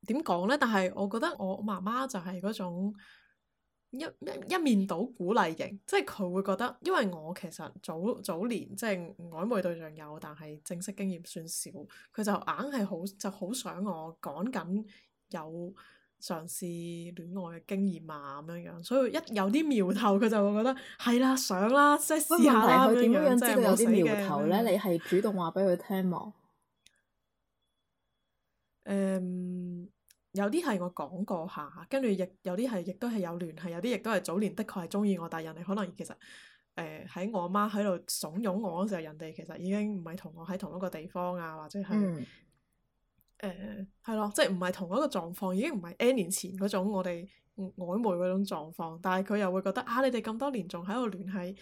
Speaker 1: 點講咧？但係我覺得我媽媽就係嗰種一一面倒鼓勵型，即係佢會覺得，因為我其實早早年即係、就是、曖昧對象有，但係正式經驗算少，佢就硬係好就好想我趕緊有嘗試戀愛嘅經驗啊咁樣樣，所以一有啲苗頭，佢就會覺得係啦、啊，想啦、啊，即係試,試下啦咁樣樣。點樣知道有啲苗頭咧？你
Speaker 2: 係主動話俾佢聽嘛？
Speaker 1: 誒、um, 有啲係我講過下，跟住亦有啲係亦都係有聯繫，有啲亦都係早年的確係中意我，但係人哋可能其實誒喺、呃、我媽喺度慫恿我嗰時候，人哋其實已經唔係同我喺同一個地方啊，或者係誒係咯，即係唔係同一個狀況，已經唔係 N 年前嗰種我哋曖昧嗰種狀況，但係佢又會覺得啊，你哋咁多年仲喺度聯繫。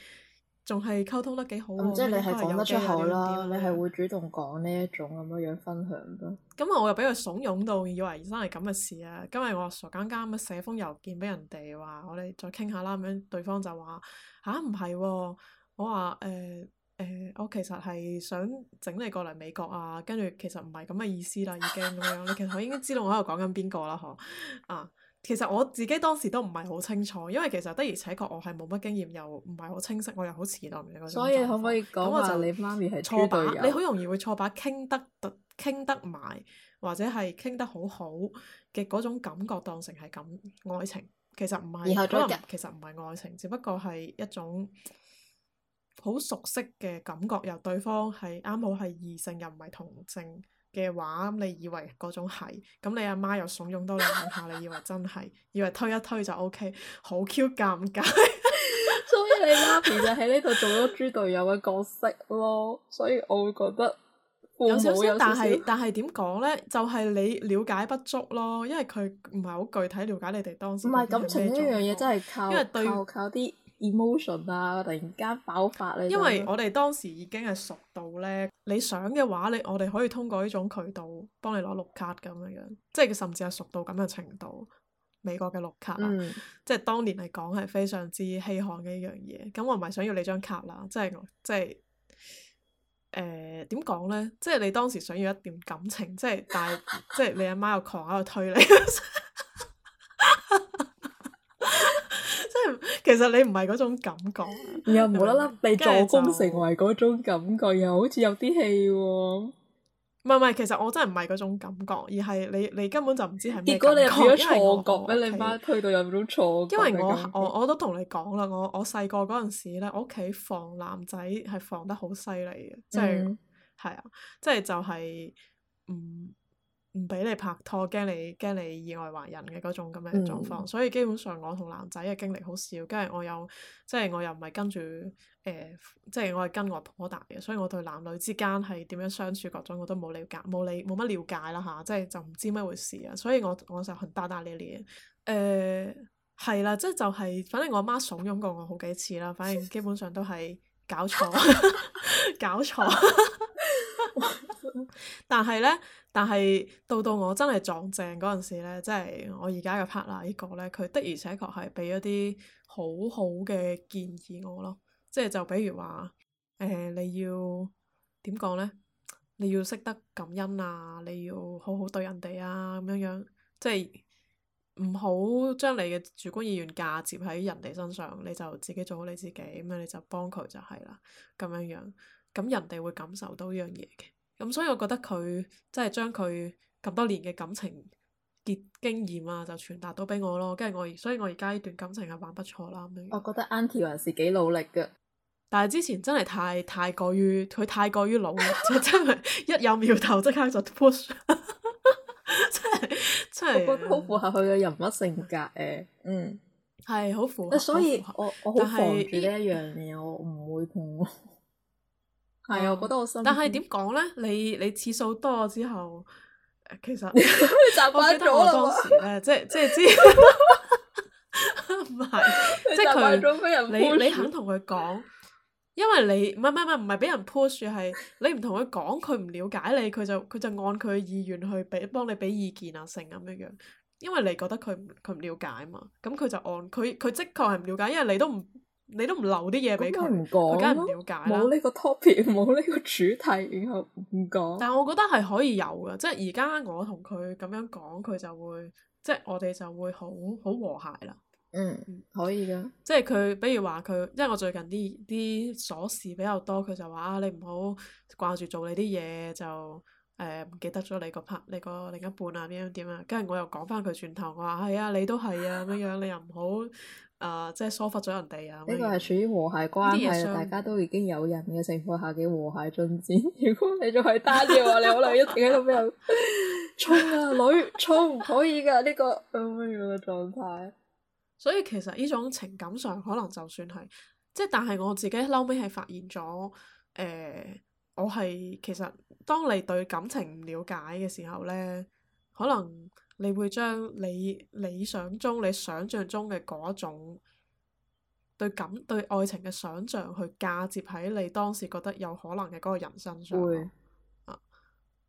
Speaker 1: 仲係溝通得幾好喎，嗯、即係你係講得出口啦，
Speaker 2: 啊、你係會主動講呢一種咁樣樣分享咯，啊。
Speaker 1: 咁我又俾佢慫恿到，以為而家係咁嘅事啊。今日我傻更更咁寫封郵件俾人哋話，我哋再傾下啦咁樣，對方就話吓？唔係喎。我話誒誒，我其實係想整你過嚟美國啊，跟住其實唔係咁嘅意思啦，已經咁樣。你其實應該知道我喺度講緊邊個啦，嗬。 啊。其實我自己當時都唔係好清楚，因為其實的而且確我係冇乜經驗，又唔係好清晰，我又好遲鈍嘅嗰種。所以可唔可以講話你媽咪係錯把你好容易會錯把傾得傾得埋或者係傾得好好嘅嗰種感覺當成係噉愛情，其實唔係可能其實唔係愛情，只不過係一種好熟悉嘅感覺，由對方係啱好係異性又唔係同性。嘅話咁，你以為嗰種係咁，你阿媽又慫恿多你兩下，你以為真係，以為推一推就 O K，好 Q 尷尬。
Speaker 2: 所以你媽咪就喺呢度做咗豬隊友嘅角色咯，所以我會覺得。會會有
Speaker 1: 少少，但係
Speaker 2: 但係點講咧？
Speaker 1: 就係、是、你了解不足咯，因為佢唔係好具體了解你哋當時。唔係感情呢樣嘢真係
Speaker 3: 靠因為對靠啲。
Speaker 1: 靠靠 Emotion 啊，突然間爆發呢？因為我哋當時已經係熟到呢。你想嘅話，你我哋可以通過呢種渠道幫你攞綠卡咁樣樣，即係甚至係熟到咁嘅程度。美國嘅綠卡啊，嗯、即係當年嚟講係非常之稀罕嘅一樣嘢。咁我唔係想要你張卡啦，即係即係誒點講呢？即係你當時想要一點感情，即係但係即係你阿媽，媽又狂喺度推你。 其實你唔係嗰種感覺，
Speaker 2: 然後無啦啦被助攻成為嗰種感覺，又好
Speaker 1: 似有啲戲喎。唔係唔係，其實我真係唔係嗰種感覺，而係你你根本就唔知係
Speaker 2: 咩感覺，結果你覺因為錯覺你唔推到有種錯覺。因為我
Speaker 1: 我我都同你講啦，我我細個嗰陣時咧，我屋企防男仔係防得好犀利嘅，即係係啊，即係就係、係、唔、就係。嗯唔俾你拍拖，驚你驚你意外懷孕嘅嗰種咁樣嘅狀況，嗯、所以基本上我同男仔嘅經歷好少，跟住我，我又、呃，即係我又唔係跟住誒，即係我係跟我阿婆大嘅，所以我對男女之間係點樣相處各種我都冇瞭解，冇理冇乜了解啦吓、啊，即係就唔知咩回事啊！所以我我就好大大咧咧誒，係、呃、啦，即係就係、是，反正我阿媽慫恿過我好幾次啦，反正基本上都係搞錯， 搞錯， 但係咧。但係到到我真係撞正嗰陣時呢，即係我而家嘅 partner 呢個呢，佢的而且確係俾咗啲好好嘅建議我咯。即係就比如話、呃，你要點講呢？你要識得感恩啊，你要好好對人哋啊，咁樣樣，即係唔好將你嘅主觀意願嫁接喺人哋身上，你就自己做好你自己，咁樣你就幫佢就係啦，咁樣樣，咁人哋會感受到呢樣嘢嘅。咁、嗯、所以我覺得佢真係將佢咁多年嘅感情結經驗啊，就傳達到俾我咯。跟住我，所以我而家呢段感情係還不錯啦。我覺得 Aunty 還是幾努力嘅，但係之前真係太太過於，佢太過於
Speaker 2: 努力，就真係一有苗頭即刻就 push， 真係即係。我覺得好符合佢嘅人物性格誒。嗯，係好符合。所以我我好防住呢一樣嘢，我唔是會同。係啊，覺得我
Speaker 1: 心但係點講咧你你次數多之後，其實 我記得我當時咧， 即係 是即係知
Speaker 2: 唔係？即係佢你你肯
Speaker 1: 同佢講，因為你唔係唔係唔係俾人 push，係你唔同佢講，佢唔了解你，佢就佢就按佢意願去俾幫你俾意見啊，成咁樣樣。因為你覺得佢佢唔了解嘛，咁佢就按佢佢即係的確係唔了解，因為你都唔。你都唔留啲嘢俾佢，佢梗係唔了解啦。冇
Speaker 2: 呢個 topic，冇呢個主
Speaker 1: 題，然後唔講。但係我覺得係可以有嘅，即係而家我同佢咁樣講，佢就會，即係我哋就會好好和諧啦。嗯，可以噶。即係佢，比如話佢，因為我最近啲啲瑣事比較多，佢就話、呃、啊，你唔好掛住做你啲嘢，就誒唔記得咗你個 partner 你個另一半啊，點樣點啊，跟住我又講翻佢轉頭話，係啊，你都係啊，咁樣樣你又唔好。呃、啊！即係疏忽咗
Speaker 2: 人哋啊！呢個係處於和諧關係，大家都已經有人嘅情況下嘅和諧進展。 如果你仲係單嘅話， 你可能一直喺度咩？衝 啊！女越唔可以㗎！呢、 呢個咁樣嘅狀態。所以其實呢種情感上可
Speaker 1: 能就算係，即係但係我自己嬲尾係發現咗，誒、呃，我係其實當你對感情唔了解嘅時候咧，可能。你會將你理想中、你想象中嘅嗰種對感對愛情嘅想象，去嫁接喺你當時覺得有可能嘅嗰個人身上。會、啊、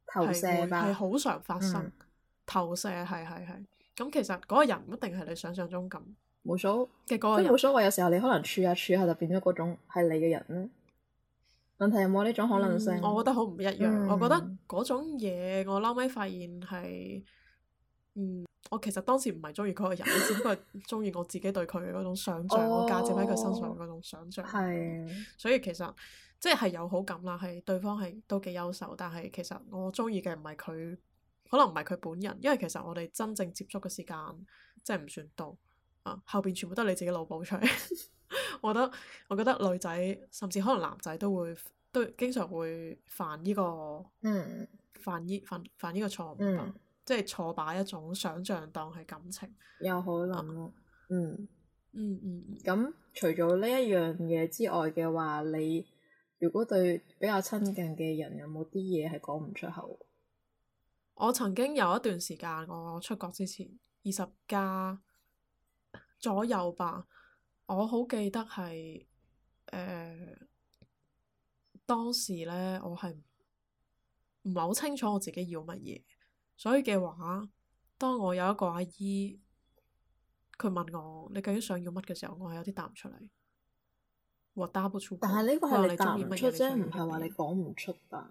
Speaker 1: 投射係好常發生。嗯、投射係係係咁，其實嗰個人唔一定係你想象中咁
Speaker 2: 冇所謂嘅嗰個人，冇所，所謂。有時候你可能處下處下就變咗嗰種係你嘅人咧。問題有冇呢種可能性？我覺得好唔一樣。我覺得
Speaker 1: 嗰、嗯、種嘢，我撈尾發現係。嗯，我其實當時唔係中意嗰個人，我 只不過中意我自己對佢嘅嗰種想像，哦、我價值喺佢身上嗰種想像。係的。所以其實即係有好感啦，係對方係都幾優秀，但係其實我中意嘅唔係佢，可能唔係佢本人，因為其實我哋真正接觸嘅時間即係唔算多啊。後邊全部都係你自己腦補出嚟。 我覺得我覺得女仔甚至可能男仔都會都經常會犯呢、這個嗯犯呢犯犯呢個錯誤、嗯。即係錯把一種想像當係感情，有可能咯。嗯，嗯嗯。
Speaker 2: 咁、嗯、除咗呢一樣嘢之外嘅話，你如果對比較親近嘅人，有冇啲嘢係講唔出口？
Speaker 1: 我曾經有一段時間，我出國之前二十加左右吧，我好記得係誒、呃、當時咧，我係唔係好清楚我自己要乜嘢。所以嘅話，當我有一個阿姨，佢問我你究竟想要乜嘅時候，我係有啲答唔出嚟。我答不出。不出，但係呢個係你答唔出啫，唔係
Speaker 2: 話你講唔出
Speaker 1: 㗎？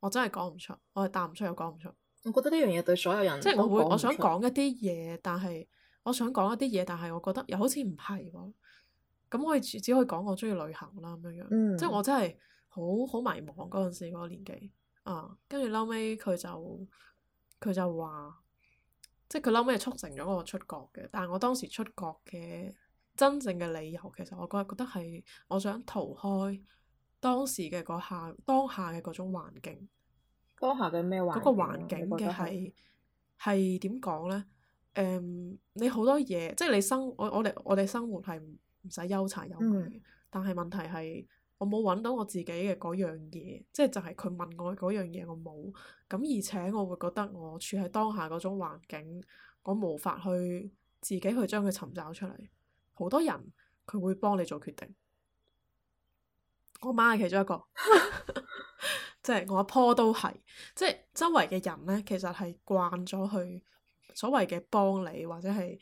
Speaker 1: 我真係講唔出，出，我係答唔出又講唔出。我覺得呢樣嘢對所有人。即係我會，我想講一啲嘢，但係我想講一啲嘢，但係我覺得又好似唔係喎。咁我以只可以講我中意旅行啦，咁樣樣。即係、嗯、我真係好好迷茫嗰陣時嗰、嗰個年紀。啊，跟住嬲尾，佢就佢就話，即係佢嬲尾促成咗我出國嘅，但係我當時出國嘅真正嘅理由，其實我覺覺得係我想逃開當時嘅嗰下當下嘅嗰種環境。當下嘅咩環境？嗰個環境嘅係係點講咧？誒，um, 你好多嘢，即係你生活我我哋我哋生活係唔使憂柴憂米，但係問題係。我冇揾到我自己嘅嗰樣嘢，即係就係佢問我嗰樣嘢我冇，咁而且我會覺得我處喺當下嗰種環境，我無法去自己去將佢尋找出嚟。好多人佢會幫你做決定，我媽係其中一個，即 係我阿婆都係，即係周圍嘅人咧，其實係慣咗去所謂嘅幫你或者係。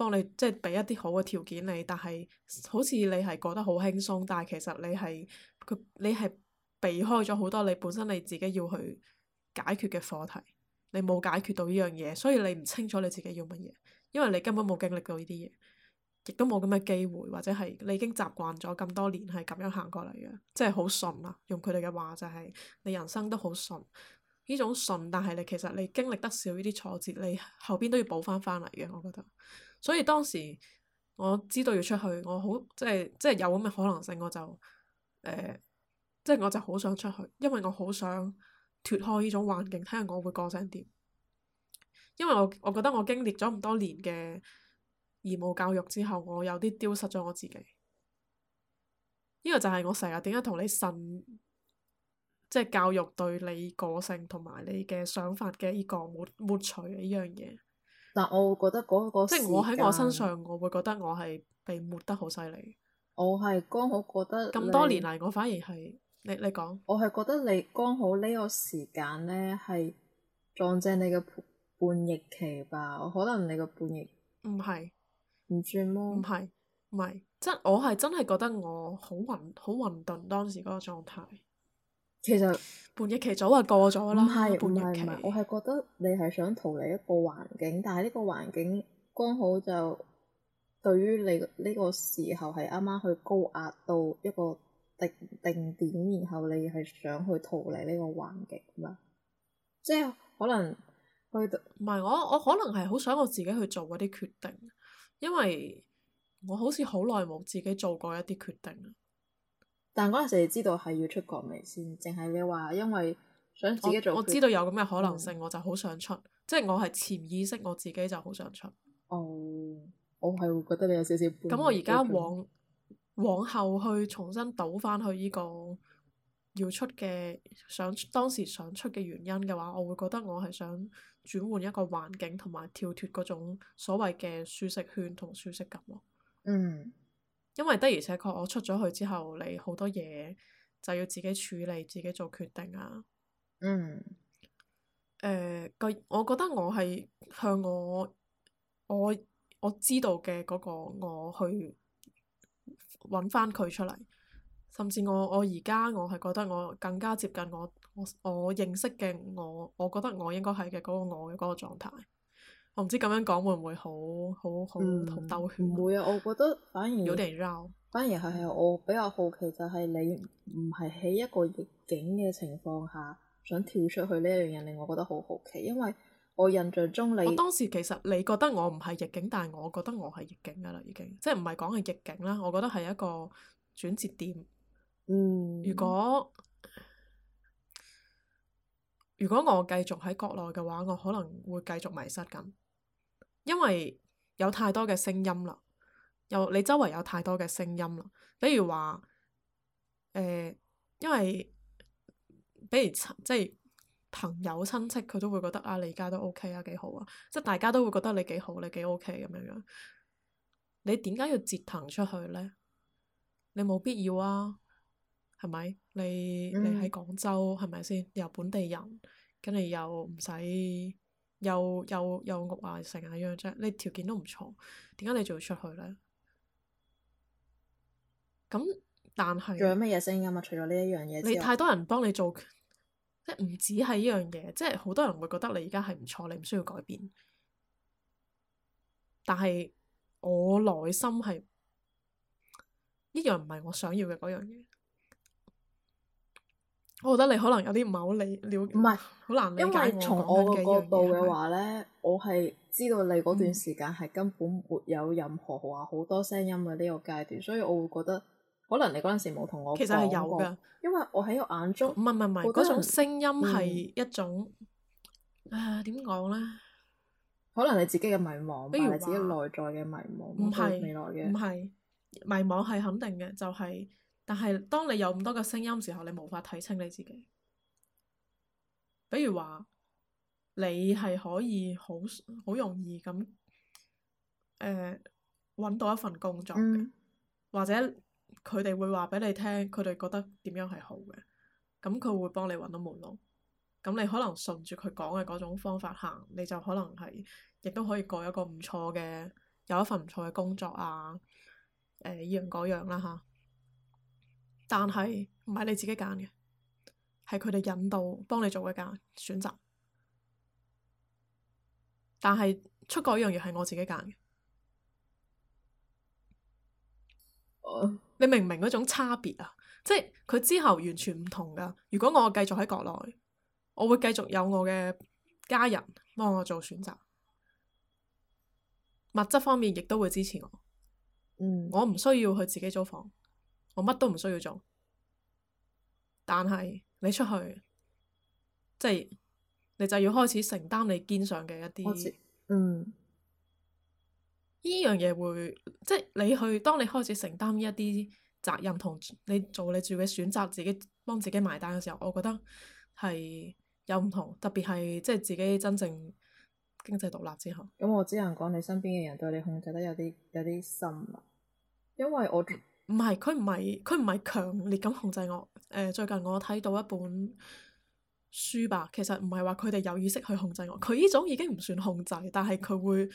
Speaker 1: 幫你即係俾一啲好嘅條件你，但係好似你係覺得好輕鬆，但係其實你係佢你係避開咗好多你本身你自己要去解決嘅課題，你冇解決到呢樣嘢，所以你唔清楚你自己要乜嘢，因為你根本冇經歷到呢啲嘢，亦都冇咁嘅機會，或者係你已經習慣咗咁多年係咁樣行過嚟嘅，即係好順啊。用佢哋嘅話就係你人生都好順，呢種順但係你其實你經歷得少呢啲挫折，你後邊都要補翻翻嚟嘅，我覺得。所以當時我知道要出去，我好即係即係有咁嘅可能性，我就、呃、即係我就好想出去，因為我好想脫開呢種環境，睇下我會過成點。因為我我覺得我經歷咗咁多年嘅義務教育之後，我有啲丟失咗我自己。呢個就係我成日點解同你呻，即係教育對你個性同埋你嘅想法嘅呢個抹抹除嘅一
Speaker 2: 樣嘢。但我會覺得嗰個即係我喺我身上，
Speaker 1: 我會覺得我係被抹得
Speaker 2: 好犀利。我係剛好覺得咁多年嚟，我反而係你你講，我係覺得你剛好呢個時間咧係撞正你嘅叛逆期吧？我可能你個叛逆唔係唔算咯，唔係唔係，即
Speaker 1: 係我係真係覺得我好混好混沌當時嗰個狀態。
Speaker 2: 其實半日期早就過咗啦。唔係唔係唔係我係覺得你係想逃離一個環境，但係呢個環境剛好就對於你呢個時候係啱啱去高壓到一個定定點，然後你係想去逃離呢個環境嘛？即係可能去唔係我我可能係好想我自己去做一啲決定，因為我好似好
Speaker 1: 耐冇自己做過一啲決定但嗰陣時知道係要出國未先？淨係你話因為想自己做。我我知道有咁嘅可能性，嗯、我就好想出，即係我係潛意識我自己就好想出。
Speaker 2: 哦，我係會覺得你有少少。咁我而家
Speaker 1: 往，半往後去重新倒翻去呢個要出嘅想當時想出嘅原因嘅話，我會覺得我係想轉換一個環境同埋跳脫嗰種所謂嘅舒適圈同舒適感咯。嗯。因為的而且確，我出咗去之後，你好多嘢就要自己處理，自己做決定啊。嗯。誒，個我覺得我係向我我我知道嘅嗰個我去搵返佢出嚟。甚至我我而家我係覺得我更加接近我我我認識嘅我，我覺得我應該係嘅嗰個我嘅嗰個狀態。
Speaker 2: 我唔知咁樣講會唔會好好好兜圈啊？唔、嗯、唔會啊！我覺得反而有啲繞， 反而係係我比較好奇，就係你唔係喺一個逆境嘅情況下想跳出去呢樣嘢，令我覺得好好奇。因為我印象中你我當時其實你覺得我唔係逆境，但係我覺得我係逆境噶啦，已經即係唔係講係逆境
Speaker 1: 啦。我覺得係一個轉折點。嗯，如，如果如果我繼續喺國內嘅話，我可能會繼續迷失咁。因為有太多嘅聲音啦，有你周圍有太多嘅聲音啦，比如話，誒、呃，因為，比如即係朋友親戚佢都會覺得啊你而家都 OK 啊幾好啊，即係大家都會覺得你幾好你幾 OK 咁樣樣，你點解要折騰出去呢？你冇必要啊，係咪？你你喺廣州係咪先？又本地人，跟住，又唔使。又又又屋啊，成日咁樣啫。你條件都唔錯，點解你仲要出去咧？
Speaker 2: 咁但係仲有乜嘢聲音啊？除咗呢一樣嘢，你太多人幫你
Speaker 1: 做，即係唔止係呢樣嘢，即係好多人會覺得你而家係唔錯，你唔需要改變。但係我內心係呢樣唔係我想要嘅嗰樣嘢。我覺得你可能有啲唔係好理瞭解，唔係好難理解。因為從我嘅角度嘅話咧，
Speaker 2: 我係知道你嗰段時間係根本沒有任何話好多聲音嘅呢個階段，所以我會覺得可能你嗰陣時冇同我講嘢。其實係有噶，因為我喺我眼中唔係唔係唔係嗰種聲音係一種。誒點講咧？可能你自己嘅迷茫，比如你自己內在嘅迷茫，未來嘅。唔係
Speaker 1: 迷茫係肯定嘅，就係。但係，當你有咁多嘅聲音時候，你無法睇清你自己。比如話，你係可以好好容易咁，誒、呃、揾到一份工作嘅，或者佢哋會話俾你聽，佢哋覺得點樣係好嘅，咁佢會幫你揾到門路。咁你可能順住佢講嘅嗰種方法行，你就可能係亦都可以過一個唔錯嘅，有一份唔錯嘅工作啊，誒、呃、依樣嗰樣啦嚇。但係唔係你自己揀嘅，係佢哋引導幫你做嘅揀選擇。但係出國一樣嘢係我自己揀嘅。啊、你明唔明嗰種差別啊？即係佢之後完全唔同噶。如果我繼續喺國內，我會繼續有我嘅家人幫我做選擇，物質方面亦都會支持我。嗯，我唔需要去自己租房。我乜都唔需要做，但係你出去，即係你就要開始承擔你肩上嘅一啲，嗯，呢樣嘢會，即係你去，當你開始承擔一啲責任同你做你自己選擇，自己幫自己埋單嘅時候，我覺
Speaker 2: 得係有唔同，特別係即係自己真正經濟獨立之後，咁我只能講你身邊嘅人對你控制得有啲有啲深啦，因
Speaker 1: 為我。唔係佢唔係佢唔係強烈咁控制我。誒、呃、最近我睇到一本書吧，其實唔係話佢哋有意識去控制我，佢呢種已經唔算控制，但係佢會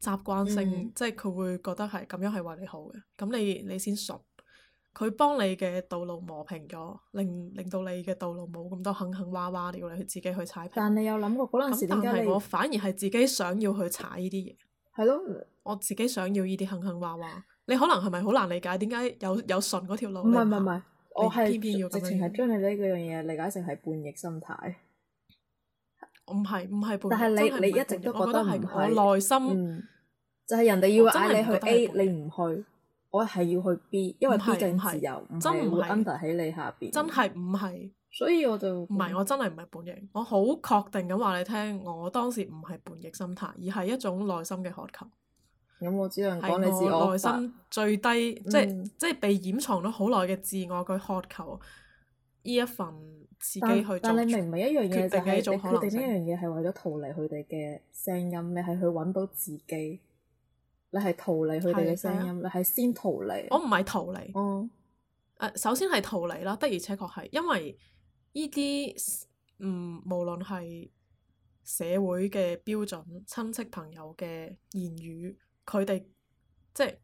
Speaker 1: 習慣性，嗯、即係佢會覺得係咁樣係為你好嘅，咁你你先熟，佢幫你嘅道路磨平咗，令令到你嘅道路冇咁多坑坑洼洼，你要你去自己去踩平。但你有諗過嗰陣、那個、時點解？但係我反而係自己想要去踩呢啲嘢。係咯，我自己想要呢啲坑坑洼洼。你可能係咪好難理解？點解有有順嗰條路唔係唔係？我係偏偏要直情係
Speaker 2: 將你呢個樣嘢理解成係叛逆心態。唔係唔係叛逆，但係你你一直都覺得係我內心，就係人哋要嗌你去 A，你唔去，我係要去 B，因為 B 更自由，唔係 under 喺你下邊，真係唔係。
Speaker 1: 所以我就唔係，我真係唔係叛逆，我好確定咁話你聽，我當時唔係叛逆心態，而係一種內心嘅渴求。
Speaker 2: 咁、嗯、我只能講你自我，我內心最
Speaker 1: 低、嗯、即係即係被掩藏咗好耐嘅自我，去渴求呢一份
Speaker 2: 自己去做，你明唔明一樣嘢，決定呢樣嘢，係為咗逃離佢哋嘅聲音，你係去揾到自己，你係逃離佢哋嘅聲音，的你係先逃離。我唔係逃離，嗯、
Speaker 1: 首先係逃離啦，的而且確係，因為呢啲嗯，無論係社會嘅標準、親戚朋友嘅言語。佢哋即係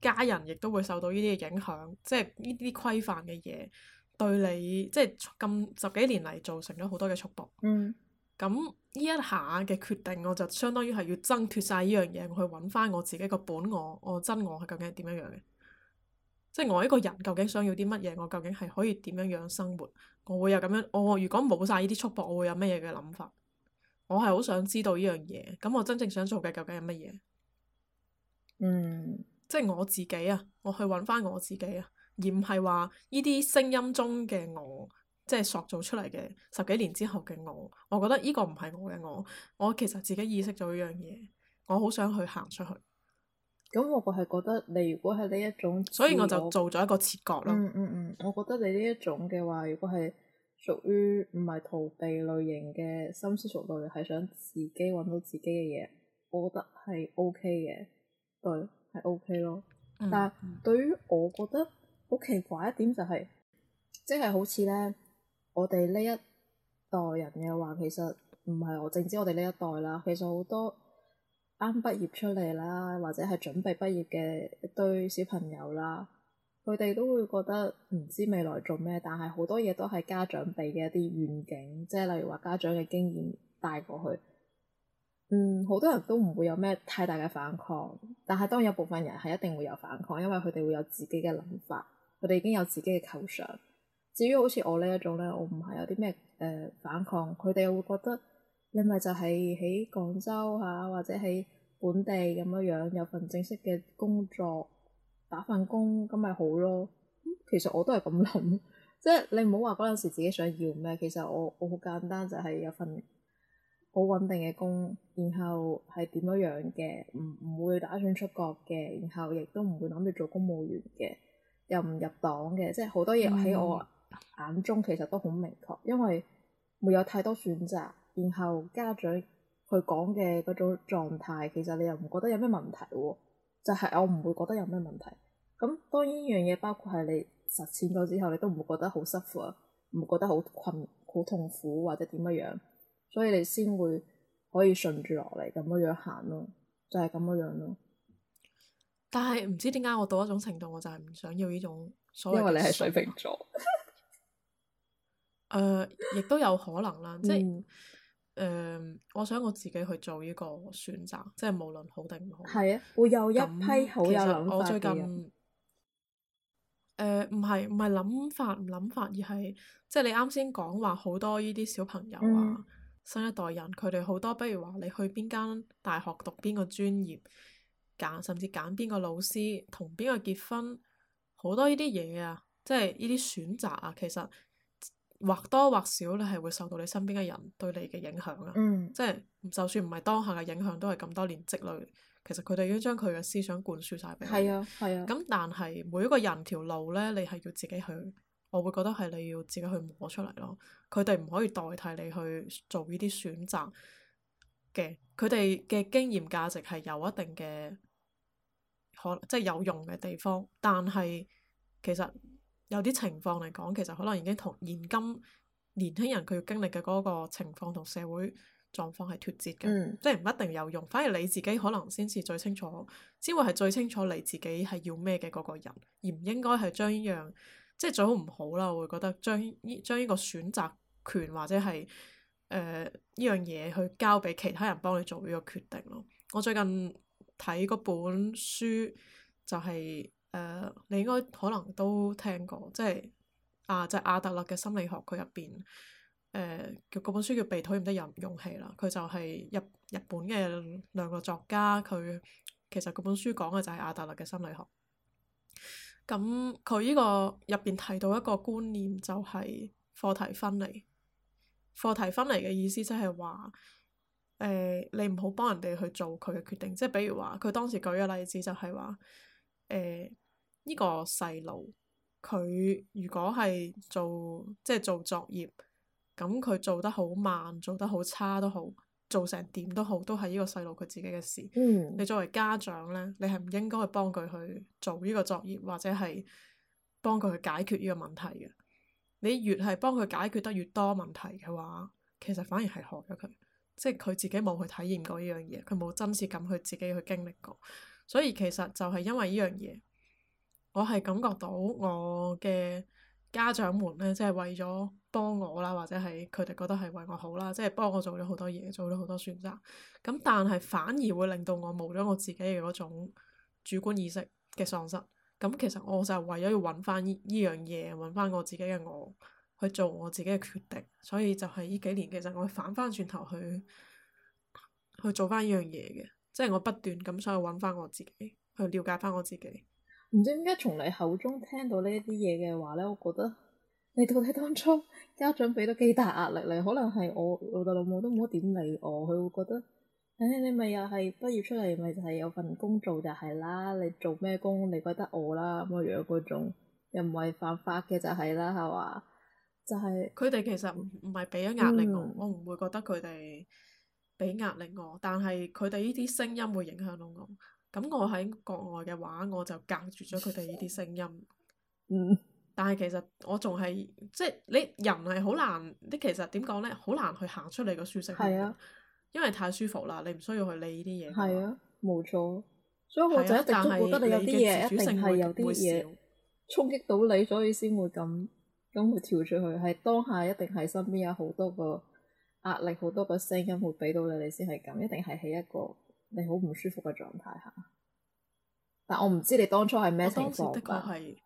Speaker 1: 家人，亦都會受到呢啲嘅影響。即係呢啲規範嘅嘢對你，即係近十幾年嚟造成咗好多嘅束縛。嗯。咁呢一下嘅決定，我就相當於係要掙脫晒呢樣嘢，我去揾翻我自己個本我、我真我係究竟係點樣樣嘅？即係我一個人究竟想要啲乜嘢？我究竟係可以點樣樣生活？我會有咁樣。我如果冇晒呢啲束縛，我會有乜嘢嘅諗法？我係好想知道呢樣嘢。咁我真正想做嘅究竟係乜嘢？
Speaker 3: 嗯，
Speaker 1: 即係我自己啊！我去搵翻我自己啊，而唔係話呢啲聲音中嘅我，即係塑造出嚟嘅十幾年之後嘅我。我覺得呢個唔係我嘅我，我其實自己意識咗呢樣嘢，我好想去行出去。
Speaker 2: 咁我個係覺得，你如果係呢一種，所以我就做咗一個切割咯。嗯嗯嗯，我覺得你呢一種嘅話，如果係屬於唔係逃避類型嘅，深思熟慮係、就是、想自己搵到自己嘅嘢，我覺得係 OK 嘅。對，係 OK 咯。嗯、但係對於我覺得好奇怪一點就係、是，即、就、係、是、好似咧，我哋呢一代人嘅話，其實唔係我淨知我哋呢一代啦。其實好多啱畢業出嚟啦，或者係準備畢業嘅一堆小朋友啦，佢哋都會覺得唔知未來做咩，但係好多嘢都係家長俾嘅一啲願景，即係例如話家長嘅經驗帶過去。嗯，好多人都唔會有咩太大嘅反抗，但係當然有部分人係一定會有反抗，因為佢哋會有自己嘅諗法，佢哋已經有自己嘅構想。至於好似我呢一種咧，我唔係有啲咩誒反抗，佢哋又會覺得你咪就係喺廣州嚇啊，或者喺本地咁樣樣有份正式嘅工作打份工咁咪好咯。其實我都係咁諗，即係你唔好話嗰陣時自己想要咩，其實我我好簡單就係有份。好穩定嘅工，然後係點樣樣嘅，唔唔會打算出國嘅，然後亦都唔會諗住做公務員嘅，又唔入黨嘅，即係好多嘢喺我眼中其實都好明確，因為沒有太多選擇。然後加上佢講嘅嗰種狀態，其實你又唔覺得有咩問題喎？就係、是、我唔會覺得有咩問題。咁當然呢樣嘢包括係你實踐咗之後，你都唔會覺得好辛苦啊，唔會覺得好困、好痛苦或者點樣樣。所以你先會可以順住落嚟咁樣樣行咯，就係咁樣樣咯。
Speaker 1: 但係唔知點解我到一種程度，我就係唔想要呢種所謂。因為你係水瓶
Speaker 3: 座 、
Speaker 1: 呃。誒，亦都有可能啦， 即係誒、呃，我想我自己去做呢個選擇，即係無論好定唔好。係
Speaker 2: 啊，會有一批好有諗法嘅人。我最近，誒、
Speaker 1: 呃，唔係唔係諗法唔諗法，而係即係你啱先講話好多呢啲小朋友啊。嗯新一代人佢哋好多，譬如話你去邊間大學讀邊個專業，揀甚至揀邊個老師，同邊個結婚，好多呢啲嘢啊，即係呢啲選擇啊，其實或多或少你係會受到你身邊嘅人對你嘅影響啊，嗯、即係就算唔係當下嘅影響，都係咁多年積累，其實佢哋已經將佢嘅思想灌輸晒俾你。係啊，係啊。咁但係每一個人條路咧，你係要自己去。我會覺得係你要自己去摸出嚟咯。佢哋唔可以代替你去做呢啲選擇嘅。佢哋嘅經驗價值係有一定嘅可，即係有用嘅地方，但係其實有啲情況嚟講，其實可能已經同現今年輕人佢要經歷嘅嗰個情況同社會狀況係脱節嘅，嗯、即係唔一定有用。反而你自己可能先至最清楚，先會係最清楚你自己係要咩嘅嗰個人，而唔應該係將依樣。即係最好唔好啦，我會覺得將呢將呢個選擇權或者係誒呢樣嘢去交俾其他人幫你做呢個決定咯。我最近睇嗰本書就係誒，你應該可能都聽過，即係啊，就阿德勒嘅心理學，佢入邊誒叫嗰本書叫《被討厭的勇勇氣》啦。佢就係日日本嘅兩個作家，佢其實嗰本書講嘅就係阿德勒嘅心理學。咁佢呢個入邊提到一個觀念就係課題分離。課題分離嘅意思即係話，誒、呃，你唔好幫人哋去做佢嘅決定，即係比如話佢當時舉嘅例子就係話，誒、呃，呢、呢個細路，佢如果係做即係、就是、做作業，咁佢做得好慢，做得好差都好。做成點都好，都係呢個細路佢自己嘅事。嗯、你作為家長呢，你係唔應該去幫佢去做呢個作業，或者係幫佢去解決呢個問題嘅。你越係幫佢解決得越多問題嘅話，其實反而係害咗佢。即係佢自己冇去體驗過呢樣嘢，佢冇真切噉去自己去經歷過。所以其實就係因為呢樣嘢，我係感覺到我嘅。家長們呢，即係為咗幫我啦，或者係佢哋覺得係為我好啦，即係幫我做咗好多嘢，做咗好多選擇。咁但係反而會令到我冇咗我自己嘅嗰種主觀意識嘅喪失。咁其實我就係為咗要揾翻呢呢樣嘢，揾翻我自己嘅我去做我自己嘅決定。所以就係呢幾年，其實我反翻轉頭去去做翻呢樣嘢嘅，即係我不斷咁想去揾翻我自己，去了解翻我自己。
Speaker 2: 唔知點解從你口中聽到呢一啲嘢嘅話咧，我覺得你到底當初家長俾咗幾大壓力你，可能係我老豆老母都冇得點理我，佢會覺得誒、哎、你咪又係畢業出嚟咪就係有份工做就係啦，你做咩工你覺得我啦咁嘅樣嗰種，又唔係犯法嘅就係啦，係嘛？就係佢哋其實唔唔係俾咗壓力我，嗯、
Speaker 1: 我唔會覺得佢哋俾壓力我，但係佢哋呢啲聲音會影響到我。咁我喺國外嘅話，我就隔住咗佢哋呢啲聲音。嗯。但係其實我仲係，即係你人係好難，你其實點講咧，好難去行出你個舒適。係啊。因為太舒服啦，你唔需要去理呢啲嘢。係
Speaker 2: 啊，冇錯。所以我、啊、就一直覺得你有啲嘢一定係有啲嘢衝擊到你， 所以先會咁，咁會跳出去。係當下一定係身邊有好多個壓力，好多個聲音會俾到你，你先係咁。一定係喺一個，你好唔舒服嘅狀態下，但我唔知你當初係咩情況。我當時的確係，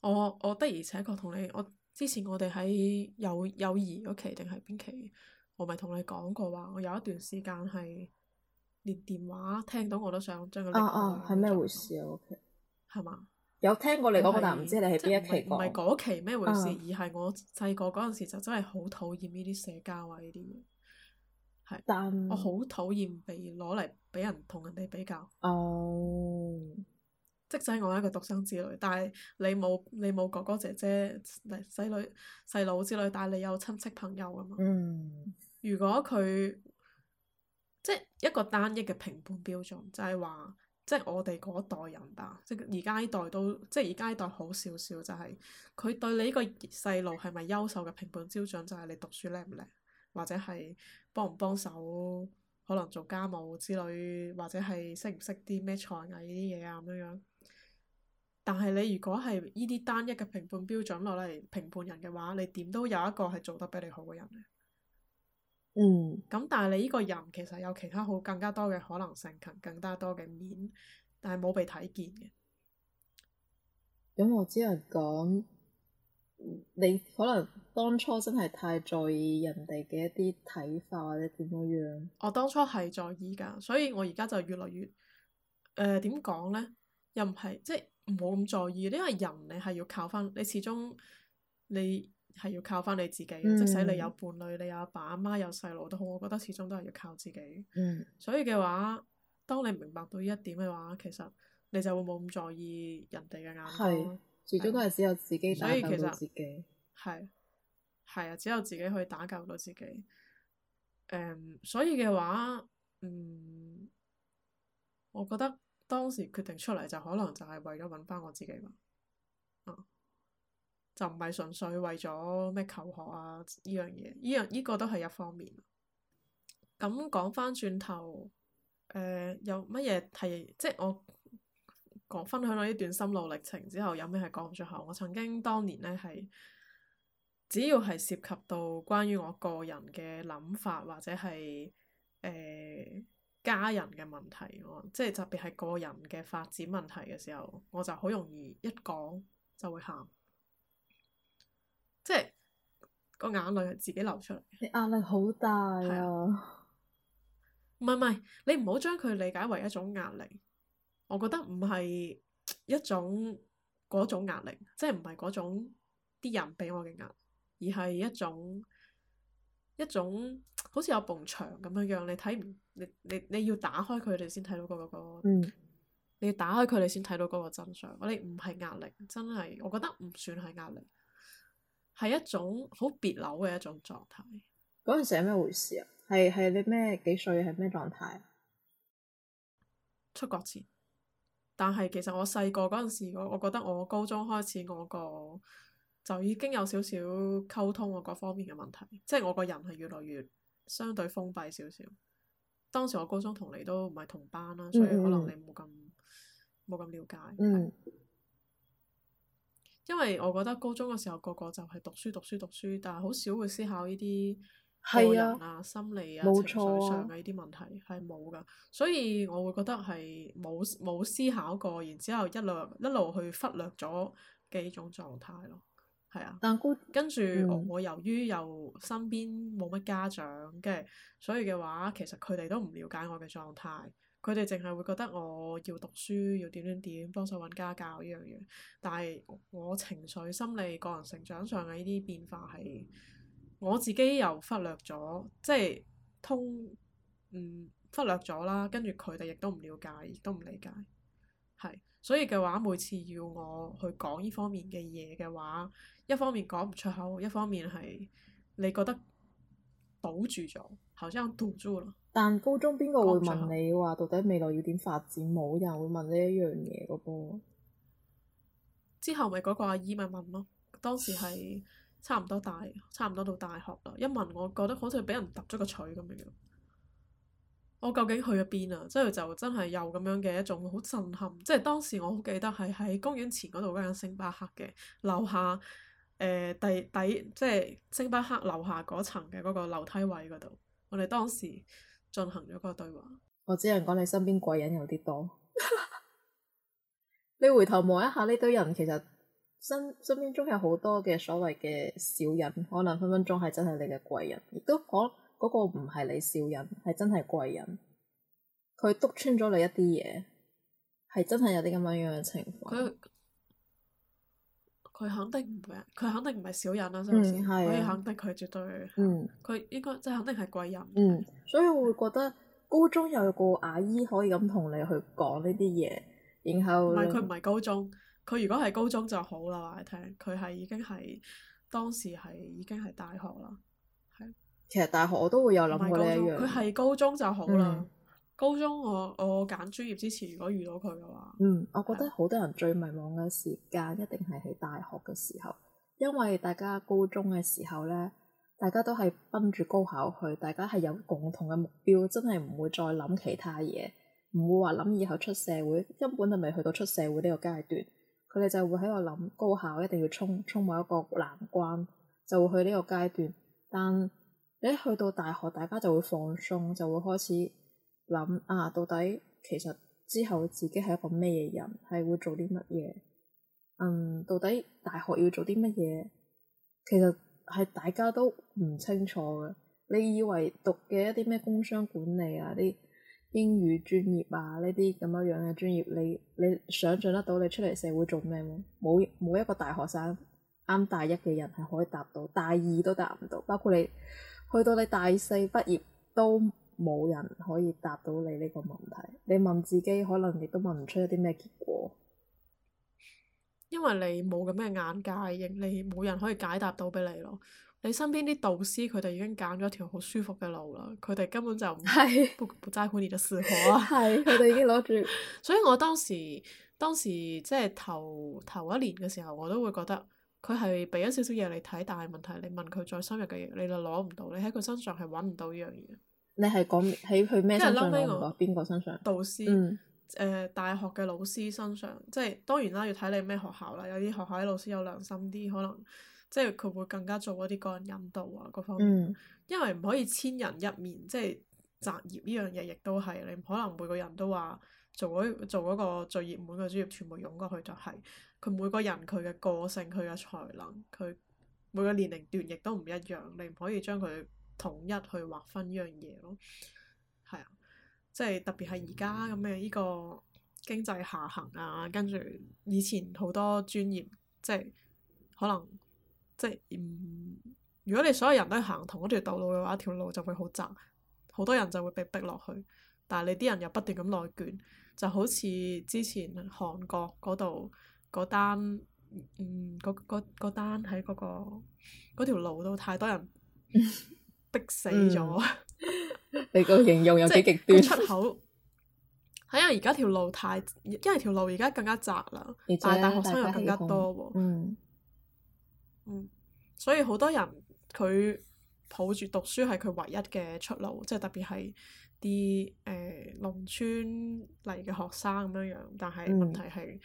Speaker 1: 我我的而且確同你，我之前我哋喺友友誼嗰期定係邊期，我咪同你講過話，我有一段時間係連電話聽到我都想將佢拎。啊啊，係
Speaker 2: 咩回事啊？O K，係嘛？Okay. 嗎有聽過你講、那個，就是，但唔知你係邊一期。唔係嗰期咩回事，啊、而
Speaker 1: 係我細個嗰陣時就真係好討厭呢啲社交啊呢啲嘢。但我好討厭被攞嚟俾人同人哋比較
Speaker 3: 哦，
Speaker 1: 即使我係一個獨生子女，但係你冇你冇哥哥姐姐、仔女、細佬之類，但係你有親戚朋友嘛，嗯。如果佢即係一個單一嘅評判標準就係、是、話即係我哋嗰代人吧，即係而家呢代都，即係而家呢代好少少、就是是是，就係佢對你呢個細路係咪優秀嘅評判標準就係你讀書叻唔叻？或者係幫唔幫手，可能做家務之類，或者係識唔識啲咩才藝呢啲嘢啊咁樣。但係你如果係呢啲單一嘅評判標準落嚟評判人嘅話，你點都有一個係做得比你好嘅人。嗯，咁但係你呢個人其實有其他好更加多嘅可能性同更加多嘅面，但係冇被睇見嘅。
Speaker 2: 咁我只係講。嗯你可能當初真係太在意人哋嘅一啲睇法或者點樣樣？我當初係在意
Speaker 1: 㗎，所以我而家就越嚟越誒點講咧？又唔係即唔好咁在意，因為人你係要靠翻你，始終你係要靠翻你自己。嗯、即使你有伴侶、你有阿爸阿媽、有細路都好，我覺得始終都係要靠自己。嗯。所以嘅話，當你明白到呢一點嘅話，其實你就會冇咁在意人哋嘅眼光。係。
Speaker 2: 最終都係只有自己打救到自己，
Speaker 1: 係、嗯，係啊，只有自己去打救到自己。誒、嗯，所以嘅話，嗯，我覺得當時決定出嚟就可能就係為咗揾翻我自己嘛、嗯。就唔係純粹為咗咩求學啊呢樣嘢，呢樣呢、呢個都係一方面。咁講返轉頭，誒、嗯，有乜嘢係即係我？講分享我呢段心路歷程之後，有咩係講唔出口？我曾經當年呢，係，只要係涉及到關於我個人嘅諗法或者係誒、呃、家人嘅問題，即係特別係個人嘅發展問題嘅時候，我就好容易一講就會喊，即係個眼淚係自己流出嚟。你壓力好大啊！係啊，唔係唔係，你唔好將佢理解為一種壓力。我覺得唔係一種嗰種壓力，即係唔係嗰種啲人俾我嘅壓力，而係一種一種好似有埲牆咁樣樣，你睇唔你你你要打開佢哋先睇到嗰個個，你要打開佢哋，嗰個，嗯，你先睇到嗰個真相。我哋唔係壓力，真係我覺得唔算係壓力，係一種好別扭嘅一種狀態。
Speaker 2: 嗰陣時係咩回事啊？係係你咩幾歲？係咩狀態？
Speaker 1: 出國前。但係其實我細個嗰陣時，我我覺得我高中開始我個就已經有少少溝通我各方面嘅問題，即係我個人係越來越相對封閉少少。當時我高中同你都唔係同班啦，所以可能你冇咁冇咁了解。Mm hmm. 因為我覺得高中嘅時候個個就係讀書讀書讀書，但係好少會思考呢啲。個人啊、心理啊、情緒上嘅呢啲問題係冇㗎，所以我會覺得係冇冇思考過，然之後一路一路去忽略咗嘅呢種狀態咯，係啊。但跟住我由於又身邊冇乜家長嘅，所以嘅話其實佢哋都唔了解我嘅狀態，佢哋淨係會覺得我要讀書要點點點，幫手揾家教呢樣嘢。但係我情緒、心理、個人成長上嘅呢啲變化係。我自己又忽略咗，即係通嗯忽略咗啦，跟住佢哋亦都唔了解，亦都唔理解，係，所以嘅話每次要我去講呢方面嘅嘢嘅話，一方面講唔出口，一方面係你覺得堵住咗，好像堵住了。
Speaker 2: 但高中邊個會問你話到底未來要點發展？冇人會問呢一樣嘢個。
Speaker 1: 之後咪嗰個阿姨咪問咯，當時係。 差唔多大，差唔多到大學啦！一問我覺得好似俾人揼咗個槌咁樣。我究竟去咗邊啊？之後就真係有咁樣嘅一種好震撼，即係當時我好記得係喺公園前嗰度間星巴克嘅樓下。誒、呃，底底即係星巴克樓下嗰層嘅嗰個樓梯位嗰度，我哋當時進行咗個對話。
Speaker 2: 我只能講你身邊鬼人有啲多。 你回頭望一下呢堆人，其實～身身邊中有好多嘅所謂嘅小人，可能分分鐘係真係你嘅貴人，亦都講嗰個唔係你小人，係真係貴人，佢督穿咗你一啲嘢，係真係有啲咁樣樣嘅情況。佢，
Speaker 1: 佢肯定唔係，佢肯定唔係小人啦，先可佢肯定佢絕對，佢、嗯、應該即係肯定係貴人。
Speaker 2: 嗯，是所以我會覺得高中有個阿姨可以咁同你去講呢啲嘢，然後，但係佢唔
Speaker 1: 係高中。佢如果係高中就好啦，話聽佢係已經係當時係已經係大學啦，係。
Speaker 2: 其實大學我都會有諗過呢樣。佢係
Speaker 1: 高中就好啦。嗯、高中我我揀專業之前，如果遇到佢嘅話，
Speaker 2: 嗯，我覺得好多人最迷茫嘅時間的一定係喺大學嘅時候，因為大家高中嘅時候咧，大家都係奔住高考去，大家係有共同嘅目標，真係唔會再諗其他嘢，唔會話諗以後出社會，根本就未去到出社會呢個階段。佢哋就會喺度諗高考一定要衝衝某一個難關，就會去呢個階段。但你一去到大學，大家就會放鬆，就會開始諗啊，到底其實之後自己係一個咩人，係會做啲乜嘢？嗯，到底大學要做啲乜嘢？其實係大家都唔清楚嘅。你以為讀嘅一啲咩工商管理啊啲？英語專業啊，呢啲咁樣樣嘅專業，你你想象得到你出嚟社會做咩？冇冇一個大學生啱大一嘅人係可以答到，大二都答唔到，包括你去到你大四畢業都冇人可以答到你呢個問題，你問自己可能亦都問唔出一啲咩結果，
Speaker 1: 因為你冇咁嘅眼界，你冇人可以解答到俾你咯。你身邊啲導師佢哋已經揀咗條好舒服嘅路啦，佢哋根本就唔在乎你嘅死火啊！佢哋已經攞住，所以我當時當時即係頭頭一年嘅時候，我都會覺得佢係俾咗少少嘢你睇，但係問題你問佢再深入嘅嘢，你就攞唔到，你喺佢身上係揾唔到呢樣嘢。
Speaker 2: 你係講喺佢咩即係我邊個身上？
Speaker 1: 導師，誒，大學嘅老師身上，即係當然啦，要睇你咩學校啦。有啲學校啲老師有良心啲，可能。即係佢會更加做嗰啲個人引導啊，嗰方面，嗯、因為唔可以千人一面，即係擇業呢樣嘢亦都係，你唔可能每個人都話做嗰做嗰個最熱門嘅專業，全部湧過去就係、是、佢每個人佢嘅個性、佢嘅才能、佢每個年齡段亦都唔一樣，你唔可以將佢統一去劃分呢樣嘢咯。係啊，即係特別係而家咁嘅呢個經濟下行啊，跟住以前好多專業即係可能。即係、嗯，如果你所有人都行同一條道路嘅話，條路就會好窄，好多人就會被逼落去。但係你啲人又不斷咁內卷，就好似之前韓國嗰度嗰單，嗯，嗰單喺嗰、嗰個條路度太多人逼死咗。 嗯、
Speaker 3: 你個形容有幾極端？出口，
Speaker 1: 係因為而家條路太，因為條路而家更加窄啦，但係大學生又更加多喎。嗯，所以好多人佢抱住讀書係佢唯一嘅出路，即係特別係啲誒農村嚟嘅學生咁樣樣，但係問題係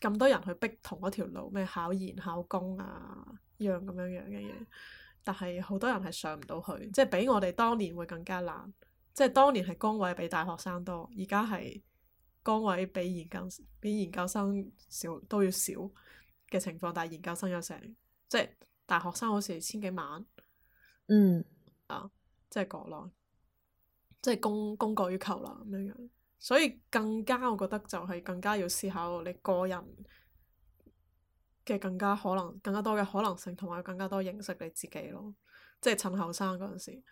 Speaker 1: 咁、嗯、多人去逼同一條路，咩考研、考公啊，一樣咁樣樣嘅嘢，但係好多人係上唔到去，即係比我哋當年會更加難，即係當年係崗位比大學生多，而家係崗位比研究比研究生少，都要少。嘅情況，但係研究生有成，即係大學生好似千幾萬，嗯，啊，即係國內，即係供供過於求啦咁樣，所以更加我覺得就係更加要思考你個人嘅更加可能，更加多嘅可能性，同埋更加多認識你自己咯，即係趁後生嗰陣時。